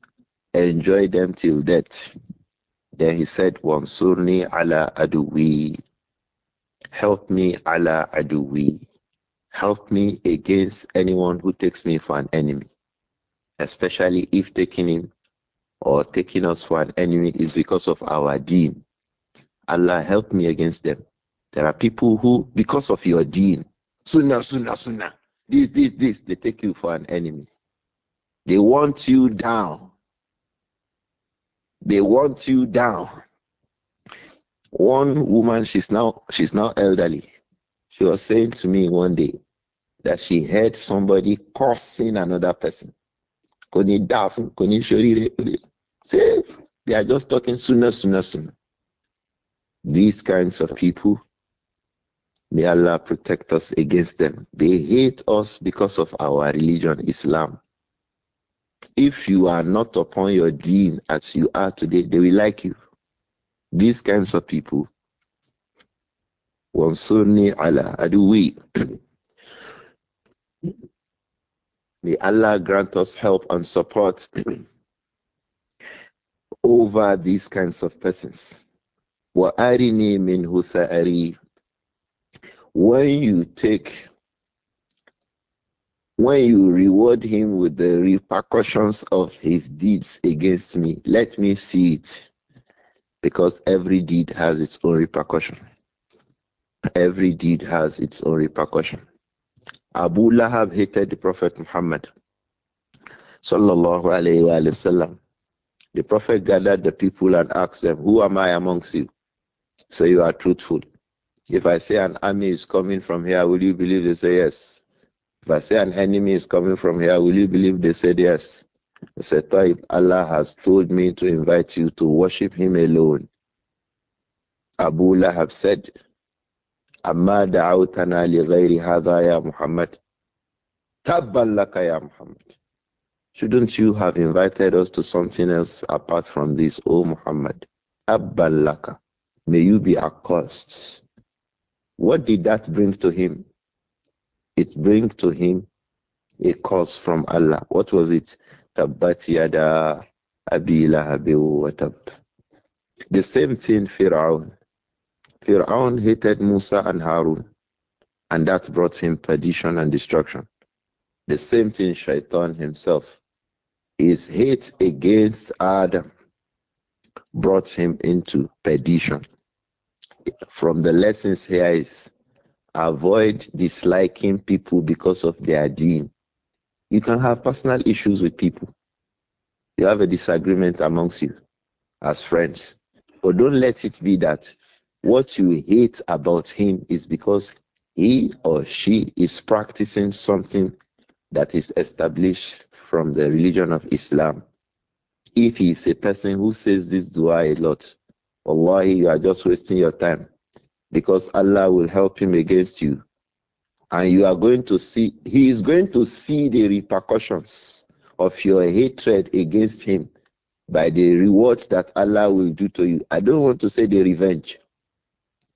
enjoy them till death. Then he said, Wansurni ala aduwi. Help me ala aduwi. Help me against anyone who takes me for an enemy, especially if taking him or taking us for an enemy is because of our deen. Allah help me against them. There are people who, because of your deen, sunnah, sunnah, sunnah, this, this, this, they take you for an enemy. They want you down. They want you down. One woman, she's now she's now elderly. She was saying to me one day that she heard somebody cursing another person. See, they are just talking sooner, sooner, sooner. These kinds of people, may Allah protect us against them. They hate us because of our religion, Islam if you are not upon your deen as you are today, they will like you. These kinds of people. Wansurni Allah Aduwi. May Allah grant us help and support over these kinds of persons. Wa arini min When you take when you reward him with the repercussions of his deeds against me, let me see it. Because every deed has its own repercussion. Every deed has its own repercussion. Abu Lahab hated the Prophet Muhammad. Sallallahu alayhi wa sallam. The Prophet gathered the people and asked them, Who am I amongst you? So you are truthful. If I say an army is coming from here, will you believe? They say yes. If I say an enemy is coming from here, will you believe? They said yes. I said, Taib, Allah has told me to invite you to worship Him alone. Abu Lahab said, أما دعوتنا لغير هذا يا محمد Muhammad? Tabba يا Muhammad." Shouldn't you have invited us to something else apart from this, O Muhammad? Abbalaka, may you be accursed. What did that bring to him? it brings to him a curse from Allah. What was it? Tabbat yada abi watab. The same thing Fir'aun. Fir'aun hated Musa and Harun, and that brought him perdition and destruction. The same thing Shaitan himself. His hate against Adam brought him into perdition. From the lessons here is Avoid disliking people because of their deed. You can have personal issues with people. You have a disagreement amongst you as friends. But don't let it be that what you hate about him is because he or she is practicing something that is established from the religion of Islam. If he is a person who says this dua a lot, Allah, you are just wasting your time because Allah will help him against you. And you are going to see, he is going to see the repercussions of your hatred against him by the rewards that Allah will do to you. I don't want to say the revenge.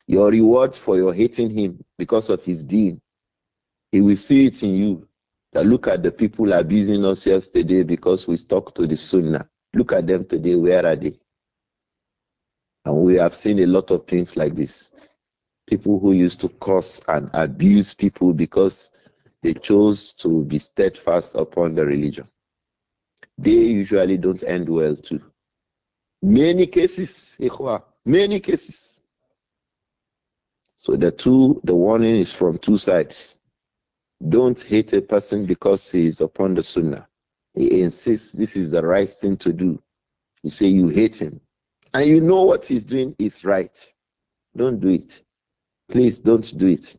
Your reward for your hating him because of his deed, he will see it in you. That look at the people abusing us yesterday because we stuck to the Sunnah. Look at them today. Where are they? And we have seen a lot of things like this people who used to curse and abuse people because they chose to be steadfast upon the religion. They usually don't end well too. Many cases, many cases. So the two, the warning is from two sides. Don't hate a person because he is upon the sunnah. He insists this is the right thing to do. You say you hate him, and you know what he's doing is right. Don't do it. Please don't do it.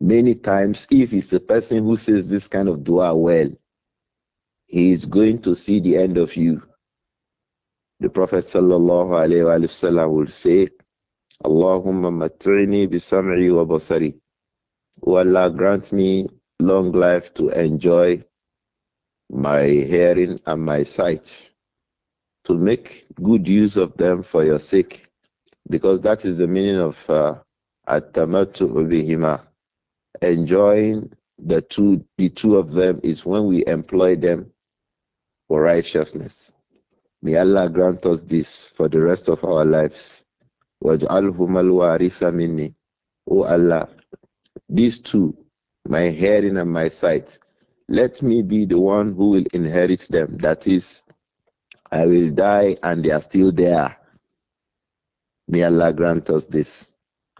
Many times, if it's a person who says this kind of dua well, he is going to see the end of you. The Prophet wasallam will say, Allahumma matrini bisam'i wa basari. O Allah, grant me long life to enjoy my hearing and my sight, to make good use of them for your sake, because that is the meaning of uh, Atamatu بهما enjoying the two the two of them is when we employ them for righteousness may Allah grant us this for the rest of our lives واجعلهما الوارث minni, O Allah these two my hearing and my sight let me be the one who will inherit them that is I will die and they are still there may Allah grant us this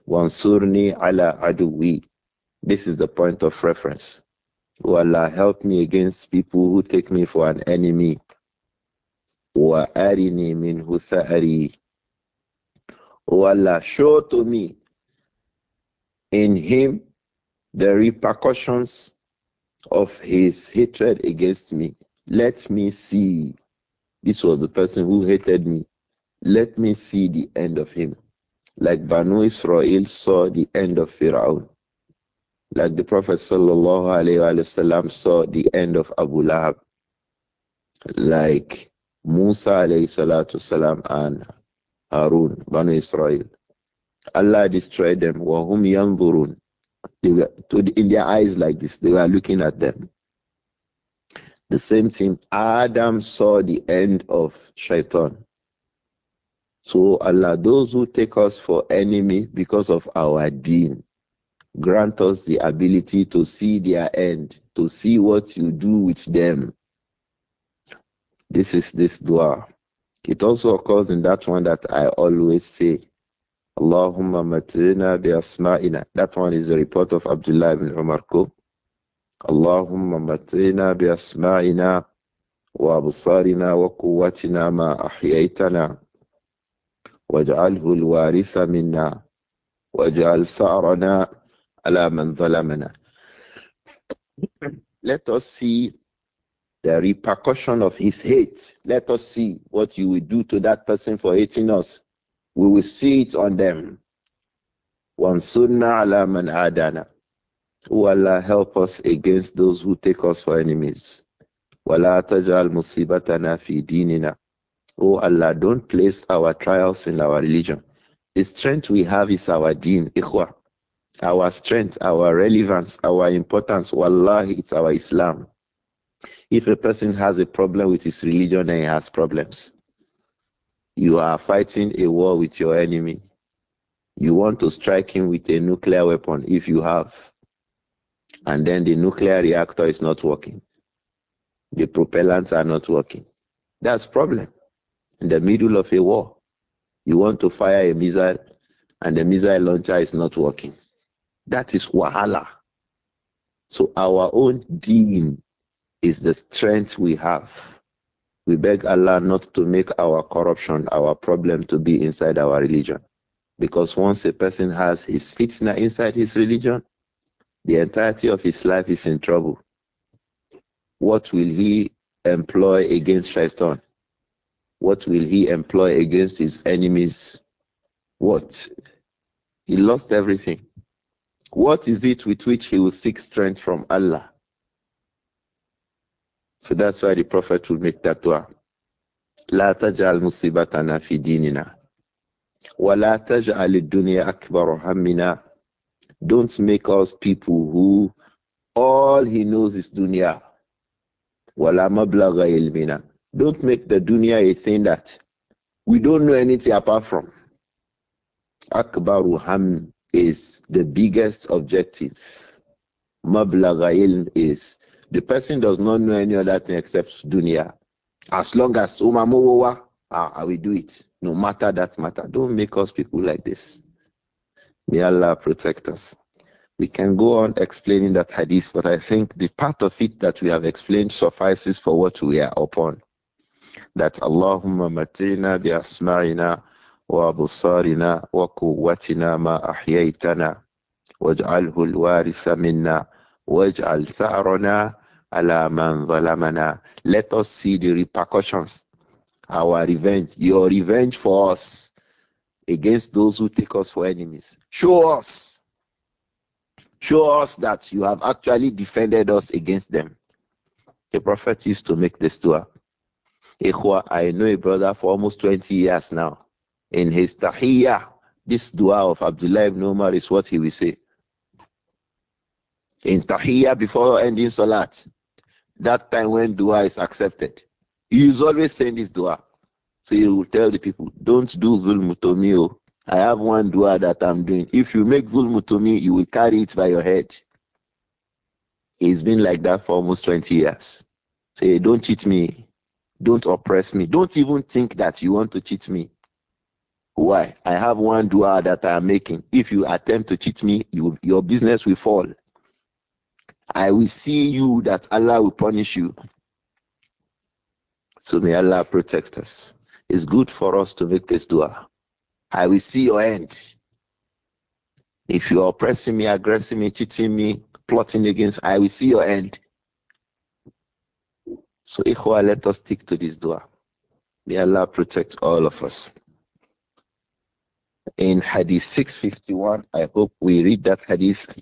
Wansurni ala aduwi. This is the point of reference. O Allah, help me against people who take me for an enemy. Wa arini minhu tha'ari. O Allah, show to me in him the repercussions of his hatred against me. Let me see. This was the person who hated me. Let me see the end of him like Banu Israel saw the end of Fir'aun, like the Prophet wasallam saw the end of Abu Lahab, like Musa والسلام, and Harun, Banu Israel. Allah destroyed them. Wahum yanzurun. They were in their eyes like this. They were looking at them. The same thing. Adam saw the end of Shaitan. So Allah, those who take us for enemy because of our deen, grant us the ability to see their end, to see what you do with them. This is this dua. It also occurs in that one that I always say, Allahumma matina bi asma'ina. That one is a report of Abdullah ibn Umar Qub. Allahumma matina bi asma'ina wa absarina wa quwwatina ma ahyaitana واجعله الوارث منا واجعل ثأرنا على من ظلمنا Let us see the repercussion of his hate. Let us see what you will do to that person for hating us. We will see it on them. وَانْصُرْنَا عَلَى مَنْ عَادَانَا O oh Allah, help us against those who take us for enemies. وَلَا تَجْعَلْ مُصِيبَتَنَا فِي دِينِنَا Oh Allah, don't place our trials in our religion. The strength we have is our deen, ikhwa. Our strength, our relevance, our importance, Allah, it's our Islam. If a person has a problem with his religion, then he has problems. You are fighting a war with your enemy. You want to strike him with a nuclear weapon if you have. And then the nuclear reactor is not working. The propellants are not working. That's problem in the middle of a war. You want to fire a missile and the missile launcher is not working. That is wahala. So our own deen is the strength we have. We beg Allah not to make our corruption, our problem to be inside our religion. Because once a person has his fitna inside his religion, the entirety of his life is in trouble. What will he employ against shaitan? What will he employ against his enemies? What? He lost everything. What is it with which he will seek strength from Allah? So that's why the Prophet will make that dua. لا تجعل مصيبتنا في ديننا ولا تجعل الدنيا أكبر همنا Don't make us people who all he knows is dunya. ولا مبلغ علمنا don't make the dunya a thing that we don't know anything apart from. Akbaru ham is the biggest objective. Mablagha ilm is the person does not know any other thing except dunya. As long as umamowa, ah, I ah, will do it. No matter that matter. Don't make us people like this. May Allah protect us. We can go on explaining that hadith, but I think the part of it that we have explained suffices for what we are upon that Allahumma matina bi asma'ina wa absarina wa quwwatina ma ahyaytana waj'alhu al-waritha minna waj'al sa'rana ala man zalamana let us see the repercussions our revenge your revenge for us against those who take us for enemies show us show us that you have actually defended us against them the prophet used to make this dua Ikhwa, I know a brother for almost 20 years now. In his tahiyyah, this dua of Abdullah ibn Umar is what he will say. In tahiyyah before ending salat, that time when dua is accepted. He is always saying this dua. So he will tell the people, don't do zulm to me. Oh. I have one dua that I'm doing. If you make zulm to me, you will carry it by your head. It's been like that for almost 20 years. Say, so don't cheat me. Don't oppress me. Don't even think that you want to cheat me. Why? I have one dua that I am making. If you attempt to cheat me, you, your business will fall. I will see you that Allah will punish you. So may Allah protect us. It's good for us to make this dua. I will see your end. If you are oppressing me, aggressing me, cheating me, plotting against, I will see your end. So, Ikhwa, let us stick to this dua. May Allah protect all of us. In Hadith 651, I hope we read that Hadith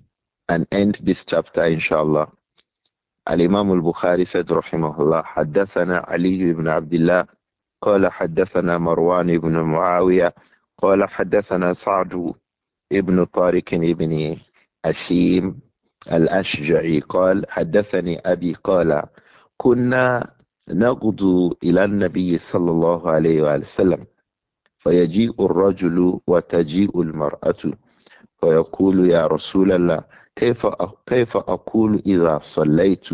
and end this chapter, inshallah. Al Imam al Bukhari said, Rahimahullah, Haddathana Ali ibn Abdullah, Qala Haddathana Marwan ibn Muawiyah, Qala Haddathana Sa'du ibn Tariq ibn Ashim al Ashja'i, Qal Haddathani Abi كنا نغدو إلى النبي صلى الله عليه وآله وسلم فيجيء الرجل وتجيء المرأة فيقول يا رسول الله كيف كيف أقول إذا صليت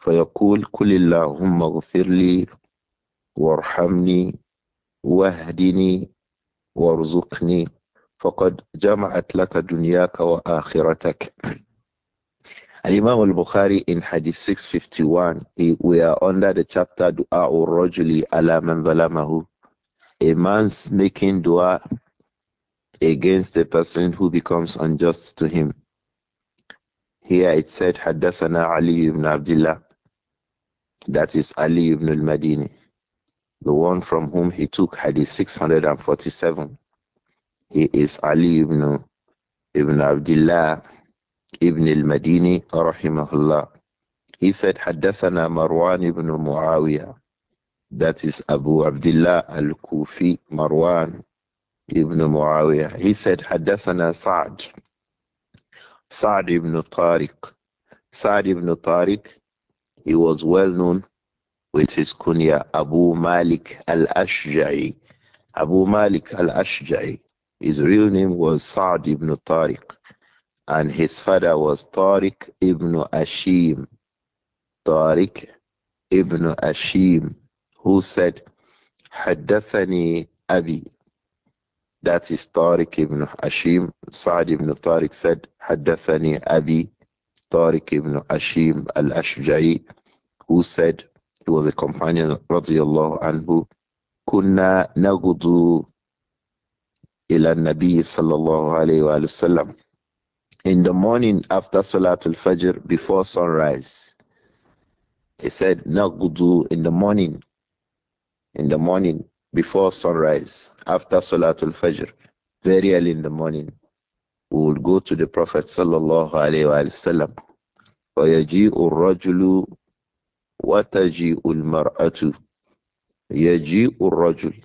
فيقول قل اللهم اغفر لي وارحمني واهدني وارزقني فقد جمعت لك دنياك وآخرتك Al Imam al Bukhari in Hadith 651, we are under the chapter Dua al Rajuli ala man zalamahu. A man's making dua against the person who becomes unjust to him. Here it said, Haddathana Ali ibn Abdullah. That is Ali ibn al Madini, the one from whom he took Hadith 647. He is Ali ibn, ibn Abdullah ibn al-Madini rahimahullah. He said, Haddathana Marwan ibn Muawiyah. That is Abu Abdullah al-Kufi Marwan ibn Muawiyah. He said, Haddathana Sa'd. Sa'd ibn Tariq. Sa'd ibn Tariq, he was well known with his kunya Abu Malik al-Ashja'i. Abu Malik al-Ashja'i. His real name was Saad ibn Tariq. and his father was Tariq ibn Ashim. Tariq ibn Ashim, who said, Haddathani Abi. That is Tariq ibn Ashim. Sa'd ibn Tariq said, Haddathani Abi. Tariq ibn Ashim al-Ashja'i, who said, he was a companion, radiallahu anhu, كنا نغدو إلى النبي صلى الله عليه وآله وسلم in the morning after Salatul Fajr before sunrise. He said, Nagudu in the morning, in the morning before sunrise, after Salatul Fajr, very early in the morning, we will go to the Prophet sallallahu alayhi wa sallam. وَيَجِيءُ الرَّجُلُ وَتَجِيءُ الْمَرْأَةُ يَجِيءُ الرَّجُلُ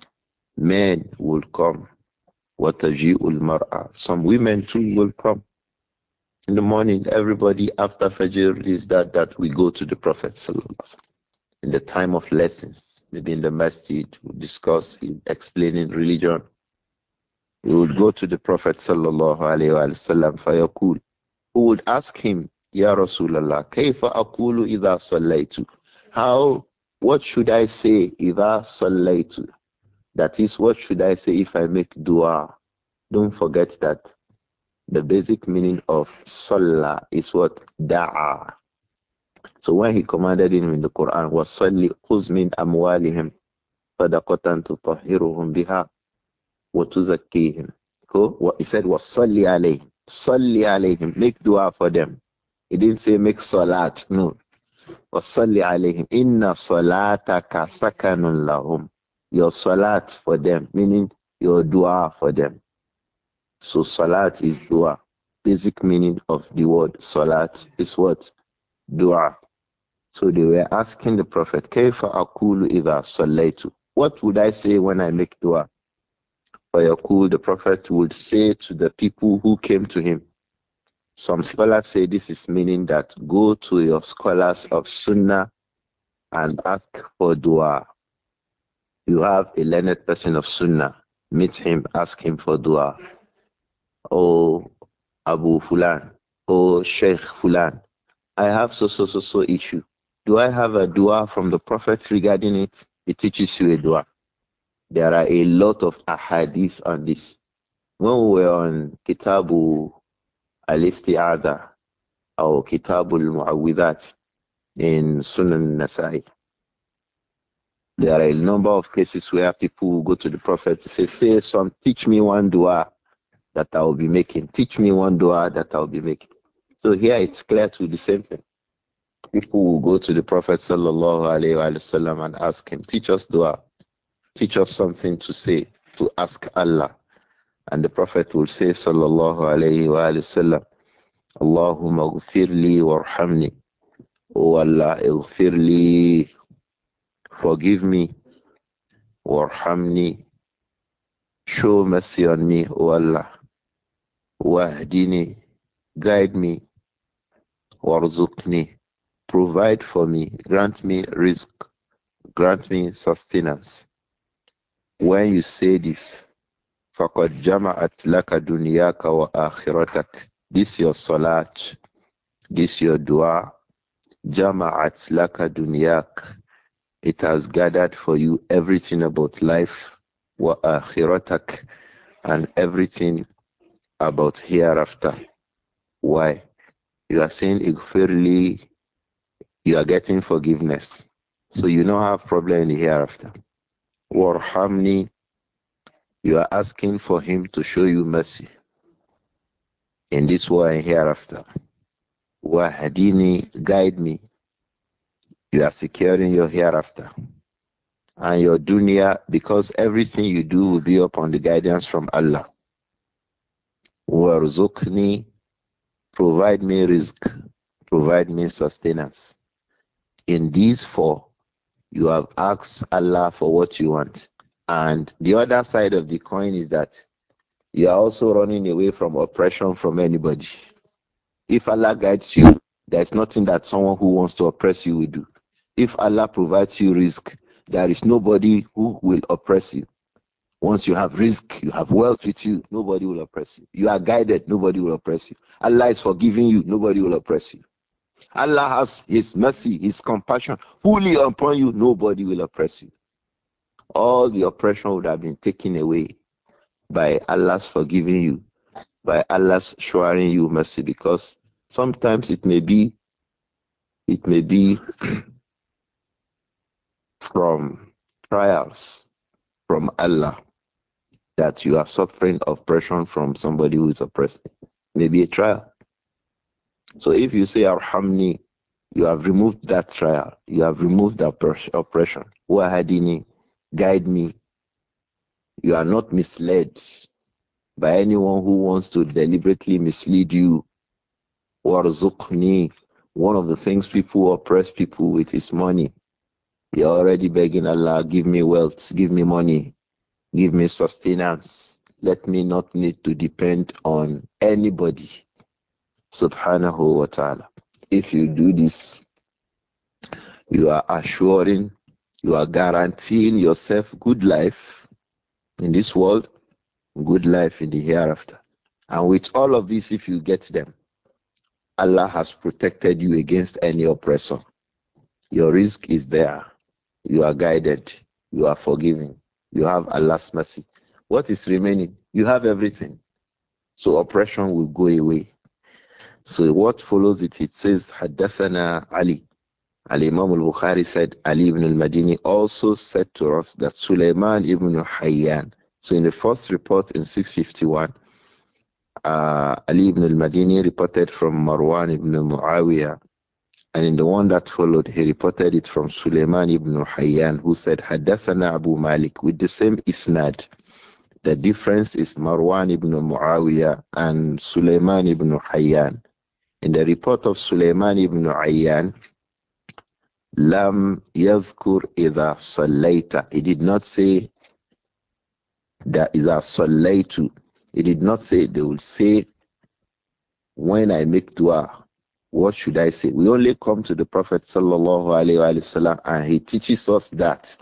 Men will come. وَتَجِيءُ الْمَرْأَةُ Some women too will come in the morning, everybody after Fajr is that that we go to the Prophet in the time of lessons, maybe in the masjid, we we'll discuss explaining religion. We would go to the Prophet sallallahu alaihi wasallam fayakul. Who would ask him, Ya Rasulallah, kayfa akulu idha sallaytu? How, what should I say idha sallaytu? That is, what should I say if I make dua? Don't forget that the basic meaning of Salah is what? Da'a. So when he commanded him in the Quran, was Salli Quzmin Amwalihim, Fadaqatan Tutahiruhum Biha, Watuzakihim. He said, was Salli Alayhim. Salli Alayhim. Make dua for them. He didn't say make Salat. No. Was Salli Alayhim. Inna Salataka Sakanun Lahum. Your Salat for them, meaning your dua for them. So salat is dua. Basic meaning of the word salat is what? Dua. So they were asking the Prophet, Kaifa akulu idha salaitu. What would I say when I make dua? Fayakul, the Prophet would say to the people who came to him. Some scholars say this is meaning that go to your scholars of Sunnah and ask for dua. You have a learned person of Sunnah, meet him, ask him for dua. O Abu Fulan. O Sheikh Fulan. I have so, so, so, so issue. Do I have a dua from the Prophet regarding it? He teaches you a dua. There are a lot of ahadith on this. When we were on Kitabu al Ada or Kitabu al in Sunan Nasai, there are a number of cases where people go to the Prophet to say, say some, teach me one dua that I will be making. Teach me one dua that I will be making. So here it's clear to the same thing. People will go to the Prophet sallallahu alaihi wasallam and ask him, teach us dua, teach us something to say, to ask Allah. And the Prophet will say sallallahu alaihi wasallam, Allahumma ghfirli warhamni. O oh Allah, forgive me, warhamni, show mercy on me, O Allah. Wahdini, guide me. Warzukni, provide for me. Grant me risk. Grant me sustenance. When you say this, فَقَدْ جَمَعَتْ لَكَ دُنْيَاكَ وَآخِرَتَكَ This your salat, this your dua. جَمَعَتْ لَكَ دُنْيَاكَ It has gathered for you everything about life, وَآخِرَتَكَ and everything about hereafter. Why? You are saying Igfirli, you are getting forgiveness. So you don't have problem in the hereafter. Warhamni, you are asking for him to show you mercy in this world and hereafter. Wahadini, guide me. You are securing your hereafter and your dunya because everything you do will be upon the guidance from Allah zukni, provide me risk provide me sustenance in these four you have asked allah for what you want and the other side of the coin is that you are also running away from oppression from anybody if allah guides you there's nothing that someone who wants to oppress you will do if allah provides you risk there is nobody who will oppress you once you have risk, you have wealth with you, nobody will oppress you. You are guided, nobody will oppress you. Allah is forgiving you, nobody will oppress you. Allah has His mercy, His compassion fully upon you, nobody will oppress you. All the oppression would have been taken away by Allah's forgiving you, by Allah's showering you mercy, because sometimes it may be, it may be from trials from Allah that you are suffering oppression from somebody who is oppressing, Maybe a trial. So if you say Arhamni, you have removed that trial, you have removed that oppression. Wahadini, guide me. You are not misled by anyone who wants to deliberately mislead you. Warzuqni, one of the things people oppress people with is money. You're already begging Allah, give me wealth, give me money. Give me sustenance. Let me not need to depend on anybody. Subhanahu wa ta'ala. If you do this, you are assuring, you are guaranteeing yourself good life in this world, good life in the hereafter. And with all of this, if you get them, Allah has protected you against any oppressor. Your risk is there. You are guided. You are forgiven you have Allah's mercy. What is remaining? You have everything. So oppression will go away. So what follows it? It says, Haddathana Ali. Ali Imam al Bukhari said, Ali ibn al Madini also said to us that Sulaiman ibn Hayyan. So in the first report in 651, uh, Ali ibn al Madini reported from Marwan ibn Muawiyah and in the one that followed, he reported it from Suleiman ibn Hayyan, who said, Hadathana Abu Malik, with the same isnad. The difference is Marwan ibn Muawiyah and Suleiman ibn Hayyan. In the report of Suleiman ibn Hayyan, Lam yadhkur idha salayta. He did not say that idha sallaitu. He did not say, they will say, when I make dua, what should I say? We only come to the Prophet sallallahu alaihi wasallam, and he teaches us that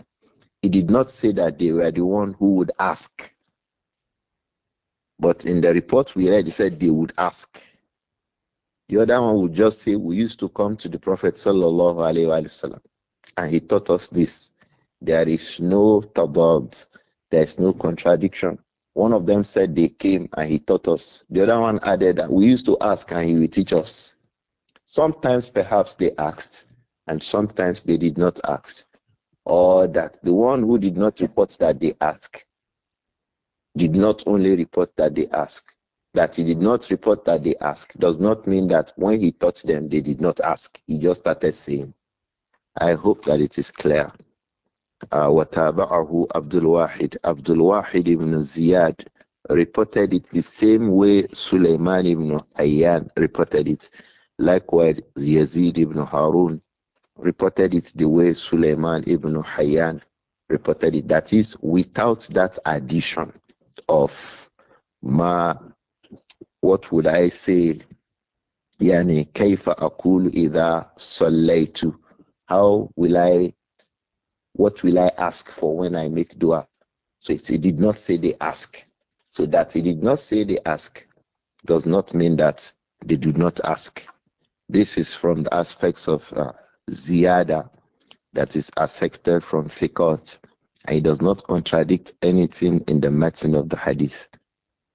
he did not say that they were the one who would ask. But in the report we read, he said they would ask. The other one would just say, We used to come to the Prophet sallallahu alaihi wasallam, and he taught us this. There is no tadad, there is no contradiction. One of them said they came and he taught us. The other one added that we used to ask and he will teach us. Sometimes perhaps they asked, and sometimes they did not ask, or that the one who did not report that they asked did not only report that they asked. That he did not report that they asked does not mean that when he taught them, they did not ask. He just started saying. I hope that it is clear. Uh, وتابعه عبد الواحد عبد الواحد بن reported it the same way Sulaiman ibn Ayyan reported it Likewise, Yazid ibn Harun reported it the way Sulaiman ibn Hayyan reported it. That is, without that addition of ma, what would I say? Yani kaifa akul ida sallaytu. How will I, what will I ask for when I make dua? So it, it did not say they ask. So that he did not say they ask does not mean that they do not ask. This is from the aspects of uh, ziyada that is accepted from Sikot, and it does not contradict anything in the matin of the hadith.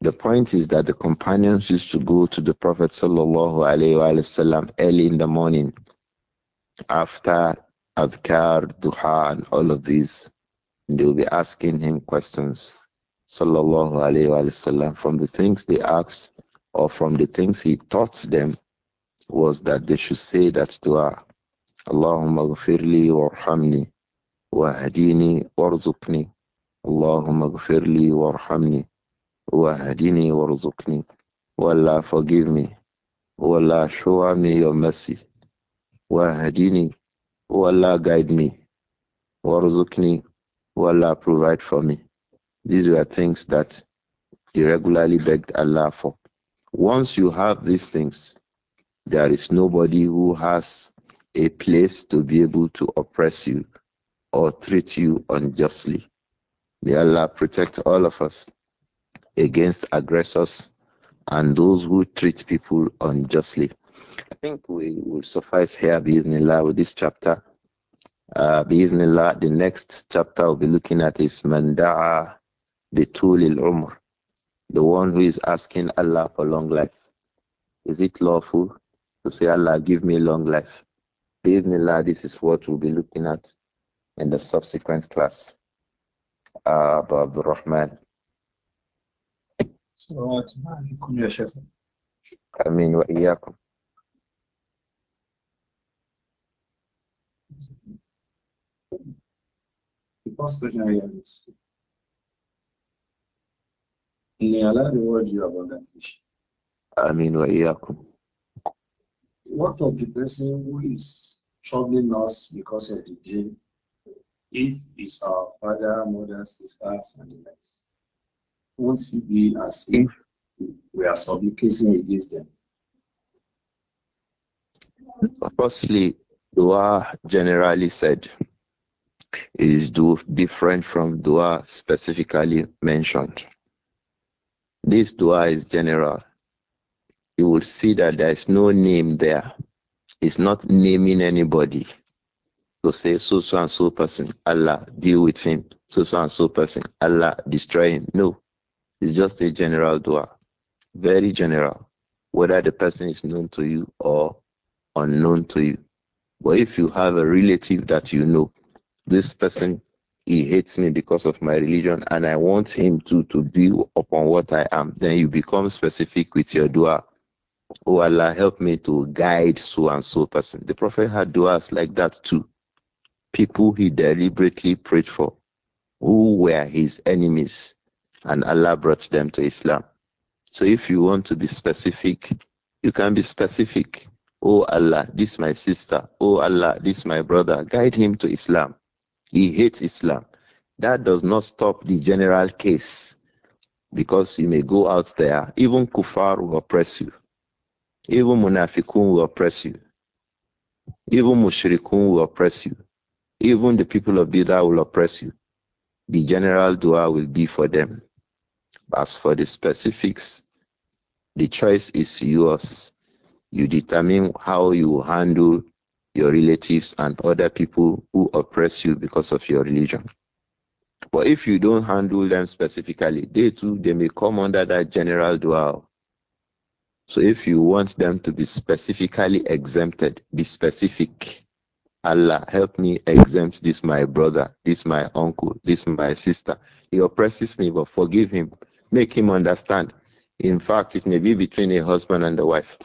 The point is that the companions used to go to the Prophet وسلم, early in the morning after Adhkar, Duha, and all of these. And they will be asking him questions وسلم, from the things they asked or from the things he taught them was that they should say that dua. Allahumma ghafirli warhamni wahdini warzuqni. Allahumma ghafirli warhamni wahdini warzuqni. Allah forgive me. Allah show me your mercy. Wahdini. Wallah, guide me. Warzuqni. Wallah, provide for me. These were things that he regularly begged Allah for. Once you have these things, there is nobody who has a place to be able to oppress you or treat you unjustly. May Allah protect all of us against aggressors and those who treat people unjustly. I think we will suffice here, Bismillah, with this chapter. Uh, Bismillah, the next chapter we'll be looking at is Manda'a Bitulil Umr, the one who is asking Allah for long life. Is it lawful? to say, Allah, give me long life. Bismillah, this is what we'll be looking at in the subsequent class. Uh, Abu Rahman. آمين وإياكم first question I have is May Allah reward you about Amin wa آمين what of the person who is troubling us because of the dream? If it's our father, mother, sisters, and the likes, won't it be as if we are supplicating against them? Firstly, dua generally said is different from dua specifically mentioned. This dua is general you will see that there is no name there. It's not naming anybody to say so so and so person, Allah deal with him, so so and so person, Allah destroy him. No, it's just a general dua, very general, whether the person is known to you or unknown to you. But if you have a relative that you know, this person he hates me because of my religion and I want him to to be upon what I am, then you become specific with your dua Oh Allah, help me to guide so and so person. The Prophet had du'as like that too. People he deliberately prayed for who were his enemies, and Allah brought them to Islam. So if you want to be specific, you can be specific. Oh Allah, this my sister. Oh Allah, this my brother. Guide him to Islam. He hates Islam. That does not stop the general case because you may go out there, even kuffar will oppress you. Even munafikun will oppress you. Even mushrikun will oppress you. Even the people of Bida will oppress you. The general dua will be for them. As for the specifics, the choice is yours. You determine how you handle your relatives and other people who oppress you because of your religion. But if you don't handle them specifically, they too they may come under that general dua. So if you want them to be specifically exempted, be specific. Allah, help me exempt this my brother, this my uncle, this my sister. He oppresses me, but forgive him. Make him understand. In fact, it may be between a husband and a wife.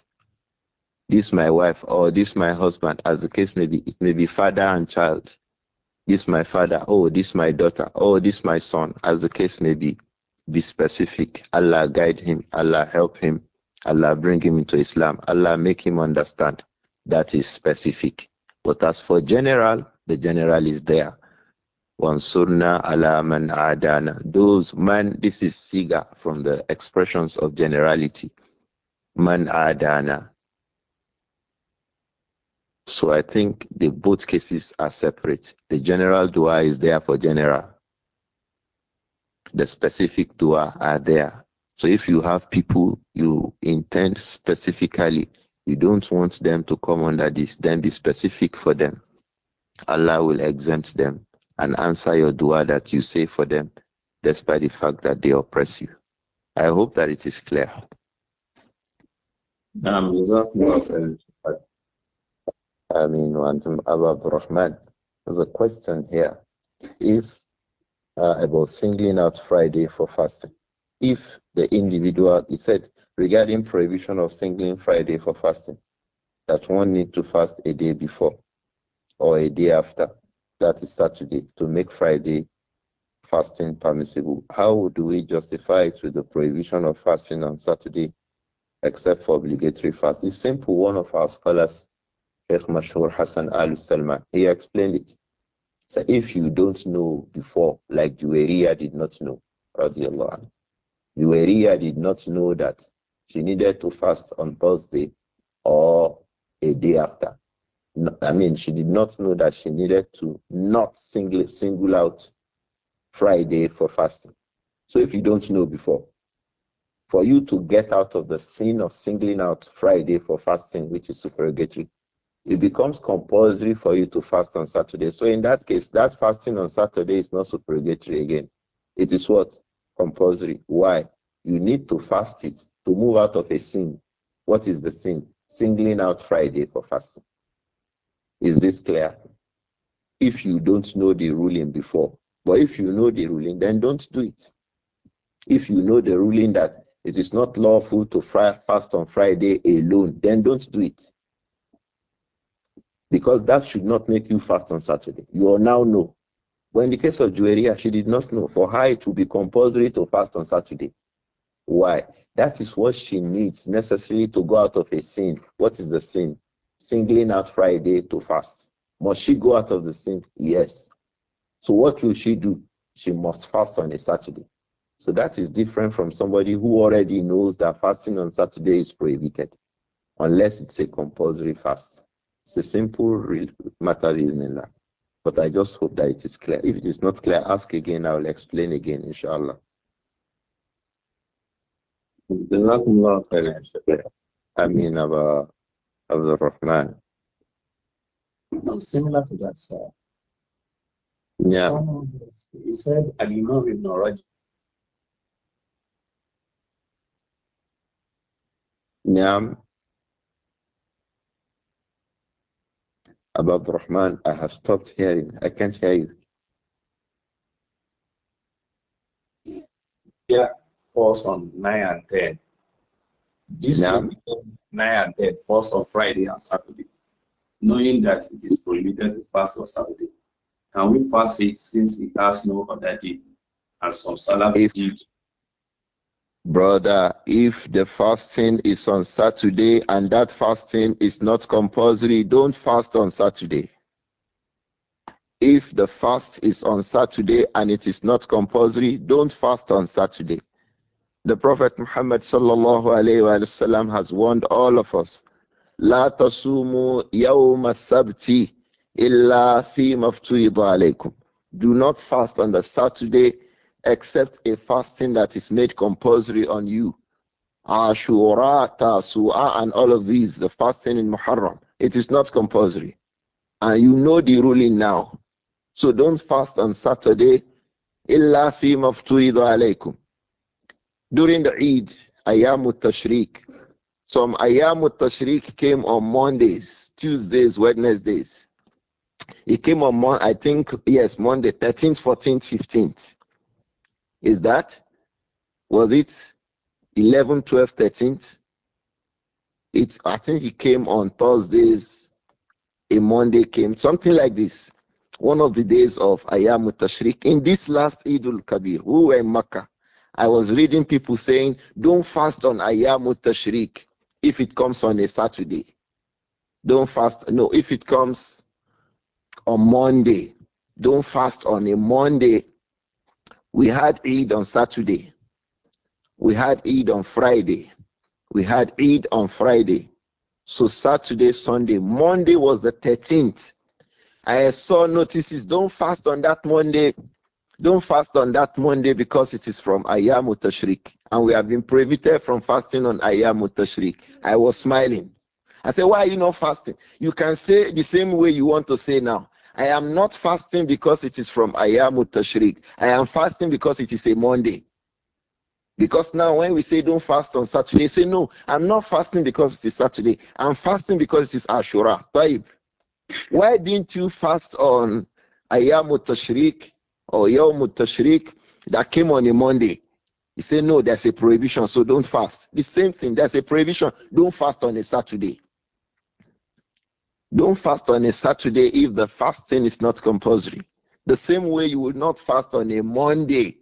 This my wife or this my husband, as the case may be. It may be father and child. This my father. Oh, this my daughter. Oh, this my son, as the case may be. Be specific. Allah guide him. Allah help him. Allah bring him into Islam. Allah make him understand. That is specific. But as for general, the general is there. Wansurna ala man adana. Those man, this is siga from the expressions of generality. Man adana. So I think the both cases are separate. The general dua is there for general. The specific dua are there so if you have people you intend specifically, you don't want them to come under this, then be specific for them. Allah will exempt them and answer your dua that you say for them, despite the fact that they oppress you. I hope that it is clear. I mean, الله خير آمين There's a question here. If uh, about singling out Friday for fasting, if the individual, he said regarding prohibition of singling Friday for fasting, that one need to fast a day before or a day after, that is Saturday, to make Friday fasting permissible. How do we justify it with the prohibition of fasting on Saturday except for obligatory fast? It's simple. One of our scholars, Sheikh Mashur Hassan Al Salman, he explained it. So if you don't know before, like Juwairiya did not know, radiallahu Nueria did not know that she needed to fast on Thursday or a day after. I mean, she did not know that she needed to not single, single out Friday for fasting. So if you don't know before, for you to get out of the sin of singling out Friday for fasting, which is supererogatory, it becomes compulsory for you to fast on Saturday. So in that case, that fasting on Saturday is not supererogatory again. It is what? compulsory. Why? You need to fast it to move out of a sin. What is the sin? Singling out Friday for fasting. Is this clear? If you don't know the ruling before, but if you know the ruling, then don't do it. If you know the ruling that it is not lawful to fast on Friday alone, then don't do it. Because that should not make you fast on Saturday. You now know but in the case of Juwaria, she did not know. For her, it will be compulsory to fast on Saturday. Why? That is what she needs necessarily to go out of a sin. What is the sin? Singling out Friday to fast. Must she go out of the sin? Yes. So what will she do? She must fast on a Saturday. So that is different from somebody who already knows that fasting on Saturday is prohibited, unless it's a compulsory fast. It's a simple matter, isn't it? But I just hope that it is clear. If it is not clear, ask again. I will explain again, inshallah. جزاكم الله I mean, of the Rahman. No, similar to that, sir. Yeah. He said, Al Imam ibn Rajab. Yeah. Abu Rahman, I have stopped hearing. I can't hear you. Yeah, falls on 9 and 10. This now, 9 and 10 falls on Friday and Saturday. Knowing that it is prohibited to fast on Saturday, can we fast it since it has no other day? And some Salaf if, Brother, if the fasting is on Saturday and that fasting is not compulsory, don't fast on Saturday. If the fast is on Saturday and it is not compulsory, don't fast on Saturday. The Prophet Muhammad sallallahu alayhi wasallam has warned all of us. لا تَصُومُوا يَوْمَ السَّبْتِ إِلَّا فيما مَفْتُرِضَ عَلَيْكُمْ Do not fast on the Saturday except a fasting that is made compulsory on you. Ashura, Tasu'a, and all of these, the fasting in Muharram, it is not compulsory. And you know the ruling now. So don't fast on Saturday. Illa fi mafturidu alaykum. During the Eid, Ayamut Tashriq, some Ayamut Tashriq came on Mondays, Tuesdays, Wednesdays. It came on, Mon I think, yes, Monday, 13th, 14th, 15th is that was it 11, 12, 13th? It's I think he came on Thursdays, a Monday came, something like this. One of the days of Ayam Tashriq. In this last Idul Kabir, who were in Makkah, I was reading people saying, don't fast on Ayam Tashriq if it comes on a Saturday. Don't fast, no, if it comes on Monday. Don't fast on a Monday we had Eid on Saturday. We had Eid on Friday. We had Eid on Friday. So Saturday, Sunday, Monday was the 13th. I saw notices don't fast on that Monday. Don't fast on that Monday because it is from Ayam Tashrik. And we have been prohibited from fasting on Ayam Tashrik. I was smiling. I said, Why are you not fasting? You can say the same way you want to say now. I am not fasting because it is from Ayamu Tashrik. I am fasting because it is a Monday. Because now when we say don't fast on Saturday, say no, I'm not fasting because it is Saturday. I'm fasting because it is Ashura. Taib. Why didn't you fast on Ayamu Tashrik or Yawmu Tashrik that came on a Monday? You say no, there's a prohibition, so don't fast. The same thing, there's a prohibition, don't fast on a Saturday. Don't fast on a Saturday if the fasting is not compulsory. The same way you will not fast on a Monday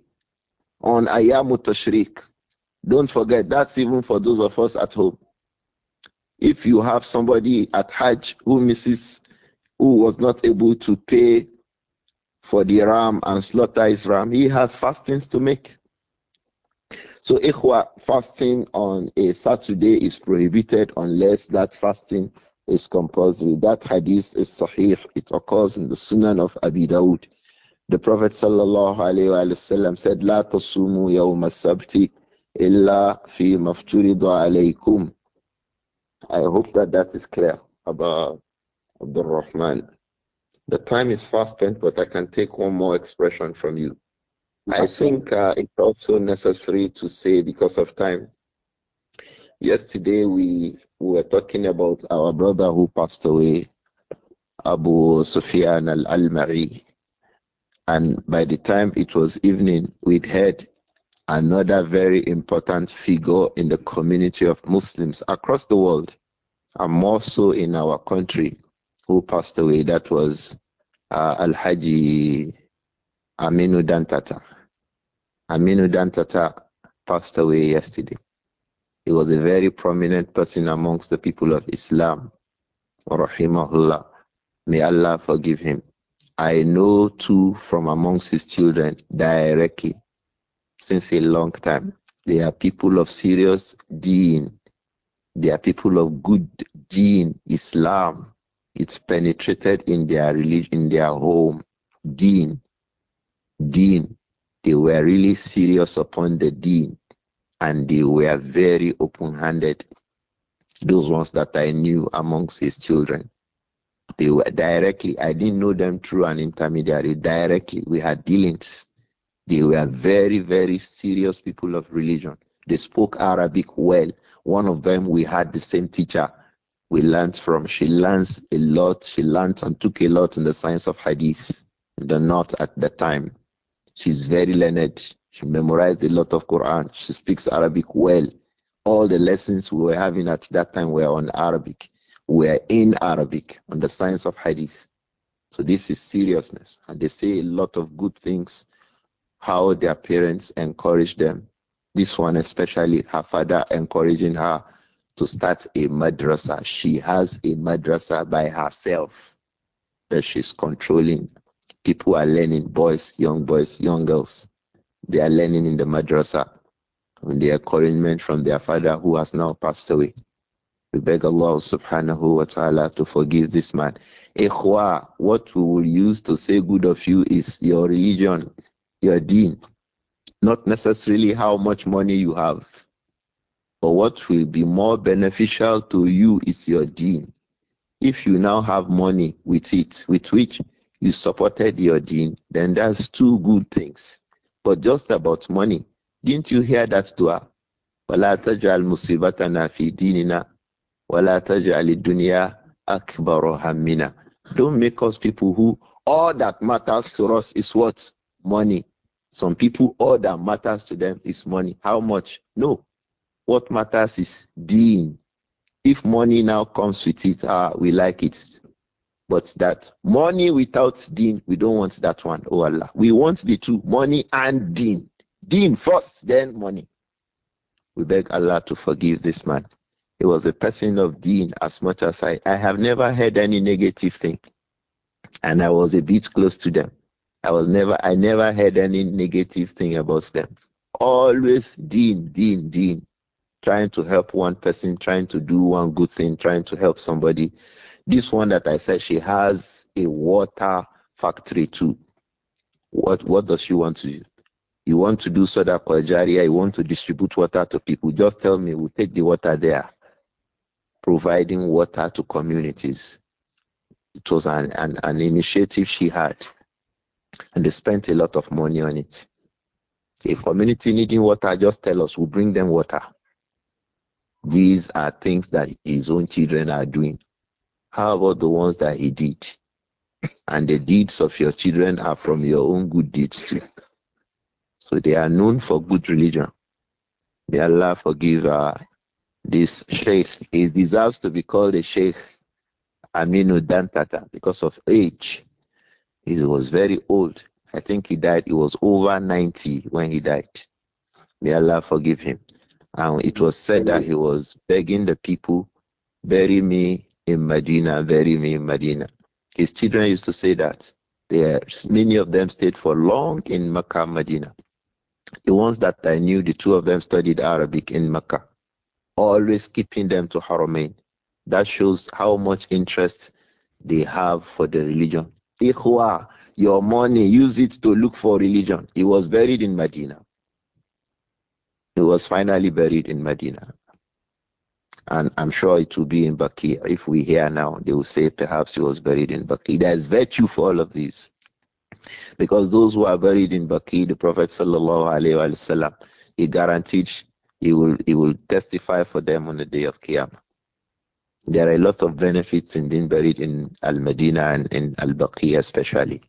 on Ayamu Tashrik. Don't forget, that's even for those of us at home. If you have somebody at Hajj who misses, who was not able to pay for the ram and slaughter his ram, he has fastings to make. So, ikhwa, fasting on a Saturday is prohibited unless that fasting is compulsory. That hadith is sahih. It occurs in the Sunan of Abi Dawud. The Prophet sallallahu alaihi wasallam said, "La tasumu yawm sabti illa fi mafturidu alaykum." I hope that that is clear about Abdul Rahman. The time is fast spent, but I can take one more expression from you. I think uh, it's also necessary to say because of time. Yesterday we we were talking about our brother who passed away, Abu Sufyan al Almari. And by the time it was evening, we'd heard another very important figure in the community of Muslims across the world, and more so in our country, who passed away. That was uh, Al Haji Aminu Dantata. Aminu Dantata passed away yesterday. He was a very prominent person amongst the people of Islam. Rahimahullah. May Allah forgive him. I know two from amongst his children directly since a long time. They are people of serious deen. They are people of good deen, Islam. It's penetrated in their religion, in their home. Deen. Deen. They were really serious upon the deen and they were very open handed. Those ones that I knew amongst his children, they were directly, I didn't know them through an intermediary, directly. We had dealings. They were very, very serious people of religion. They spoke Arabic well. One of them, we had the same teacher we learned from. She learned a lot. She learned and took a lot in the science of hadith in the north at the time. She's very learned. She memorized a lot of Quran. She speaks Arabic well. All the lessons we were having at that time were on Arabic. We were in Arabic on the science of Hadith. So this is seriousness. And they say a lot of good things, how their parents encourage them. This one, especially her father encouraging her to start a madrasa. She has a madrasa by herself that she's controlling. People are learning, boys, young boys, young girls. They are learning in the madrasa, are the men from their father who has now passed away. We beg Allah subhanahu wa ta'ala to forgive this man. Ikhwa, what we will use to say good of you is your religion, your deen, not necessarily how much money you have. But what will be more beneficial to you is your deen. If you now have money with it, with which you supported your deen, then that's two good things but just about money. Didn't you hear that dua? وَلَا تَجْعَلْ مُصِيبَتَنَا فِي دِينِنَا وَلَا تَجْعَلِ الدُّنْيَا أَكْبَرُ هَمِّنَا Don't make us people who all that matters to us is what? Money. Some people, all that matters to them is money. How much? No. What matters is deen. If money now comes with it, ah, we like it. But that money without deen, we don't want that one, oh Allah. We want the two, money and deen. Deen first, then money. We beg Allah to forgive this man. He was a person of deen as much as I. I have never heard any negative thing. And I was a bit close to them. I was never I never heard any negative thing about them. Always deen, deen, deen. Trying to help one person, trying to do one good thing, trying to help somebody this one that I said, she has a water factory too. What what does she want to do? You want to do soda Jariya, you want to distribute water to people, just tell me, we'll take the water there, providing water to communities. It was an, an, an initiative she had, and they spent a lot of money on it. If community needing water, just tell us, we'll bring them water. These are things that his own children are doing. How about the ones that he did? And the deeds of your children are from your own good deeds too. So they are known for good religion. May Allah forgive uh, this sheikh. He deserves to be called a sheikh Aminu Dantata because of age. He was very old. I think he died, he was over 90 when he died. May Allah forgive him. And it was said that he was begging the people, bury me in Medina, very in Medina. His children used to say that. They, many of them stayed for long in Mecca, Medina. The ones that I knew, the two of them studied Arabic in Mecca, always keeping them to Haramain. That shows how much interest they have for the religion. Ikhwa, your money, use it to look for religion. He was buried in Medina. He was finally buried in Medina. And I'm sure it will be in Baki. If we hear now, they will say perhaps he was buried in Baki. There is virtue for all of these. Because those who are buried in Baki, the Prophet wasallam, he guaranteed he will he will testify for them on the day of Qiyamah. There are a lot of benefits in being buried in Al Medina and in Al Baqi especially.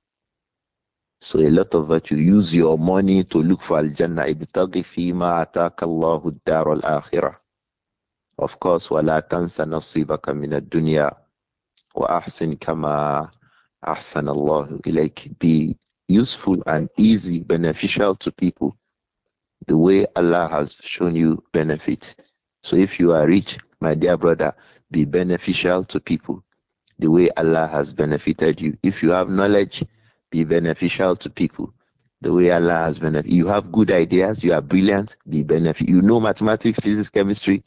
So a lot of virtue. Use your money to look for Al Jannah. Ibtaghi fima ataka Allahu dar al akhirah. Of course, وَلَا تَنْسَ نَصِيبَكَ مِنَ الدُّنْيَا وَأَحْسِنْ كَمَا أَحْسَنَ اللَّهُ إِلَيْكَ Be useful and easy, beneficial to people the way Allah has shown you benefits. So if you are rich, my dear brother, be beneficial to people the way Allah has benefited you. If you have knowledge, be beneficial to people the way Allah has benefited you. Have good ideas, you are brilliant, be beneficial. You know mathematics, physics, chemistry,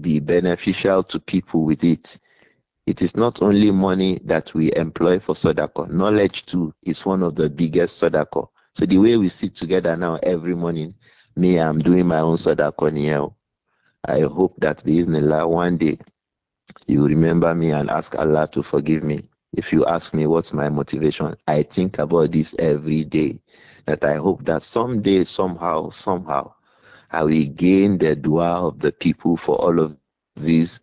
be beneficial to people with it. It is not only money that we employ for sodako. Knowledge too is one of the biggest sodako. So the way we sit together now every morning, me, I'm doing my own sodako now. I hope that Bismillah, one day you remember me and ask Allah to forgive me. If you ask me what's my motivation, I think about this every day. That I hope that someday, somehow, somehow, are we gain the dua of the people for all of these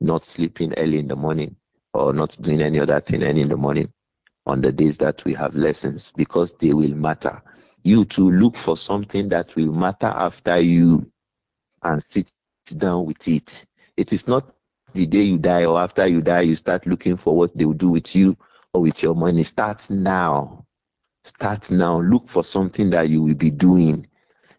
not sleeping early in the morning or not doing any other thing early in the morning on the days that we have lessons because they will matter. You to look for something that will matter after you and sit down with it. It is not the day you die or after you die, you start looking for what they will do with you or with your money. Start now. Start now. Look for something that you will be doing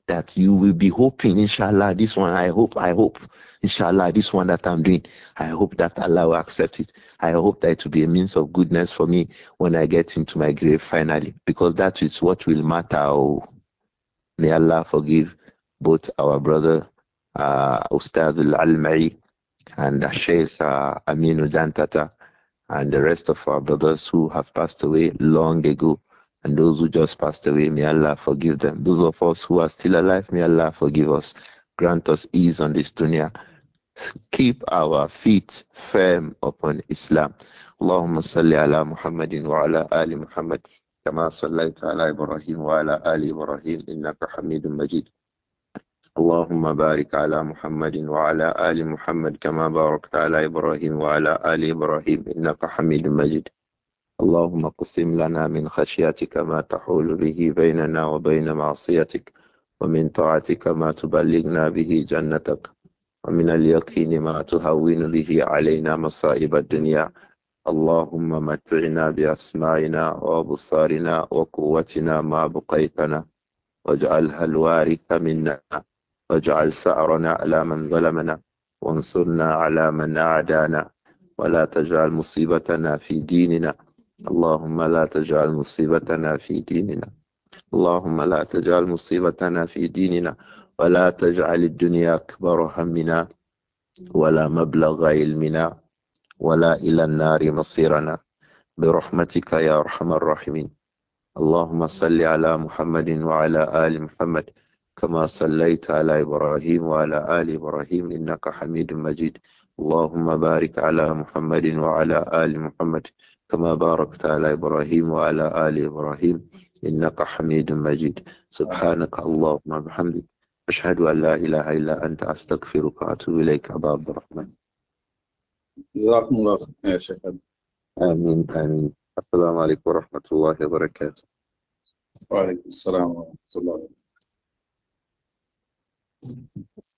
that you will be hoping, inshallah, this one, I hope, I hope, inshallah, this one that I'm doing, I hope that Allah will accept it. I hope that it will be a means of goodness for me when I get into my grave finally, because that is what will matter. Oh, may Allah forgive both our brother, uh, Ustad Al-Almai and Sheikh uh, Aminu Dantata and the rest of our brothers who have passed away long ago and those who just passed away, may Allah forgive them. Those of us who are still alive, may Allah forgive us. Grant us ease on this dunya. Keep our feet firm upon Islam. Allahumma salli ala Muhammadin wa ala ali كما صليت على ابراهيم وعلى ال ابراهيم انك حميد مجيد. اللهم بارك على محمد وعلى ال محمد كما باركت على ابراهيم وعلى ال ابراهيم انك حميد مجيد. اللهم قسم لنا من خشيتك ما تحول به بيننا وبين معصيتك ومن طاعتك ما تبلغنا به جنتك ومن اليقين ما تهون به علينا مصائب الدنيا اللهم متعنا بأسماعنا وأبصارنا وقوتنا ما بقيتنا واجعلها الوارث منا واجعل سأرنا على من ظلمنا وانصرنا على من أعدانا ولا تجعل مصيبتنا في ديننا اللهم لا تجعل مصيبتنا في ديننا اللهم لا تجعل مصيبتنا في ديننا ولا تجعل الدنيا أكبر همنا ولا مبلغ علمنا ولا إلى النار مصيرنا برحمتك يا أرحم الراحمين اللهم صل على محمد وعلى آل محمد كما صليت على إبراهيم وعلى آل إبراهيم إنك حميد مجيد اللهم بارك على محمد وعلى آل محمد كما باركت على إبراهيم وعلى آل إبراهيم إنك حميد مجيد سبحانك اللهم وبحمدك أشهد أن لا إله إلا أنت أستغفرك وأتوب إليك أبا عبد الرحمن جزاكم الله خير يا شيخ آمين آمين السلام عليكم ورحمة الله وبركاته وعليكم السلام ورحمة الله وبركاته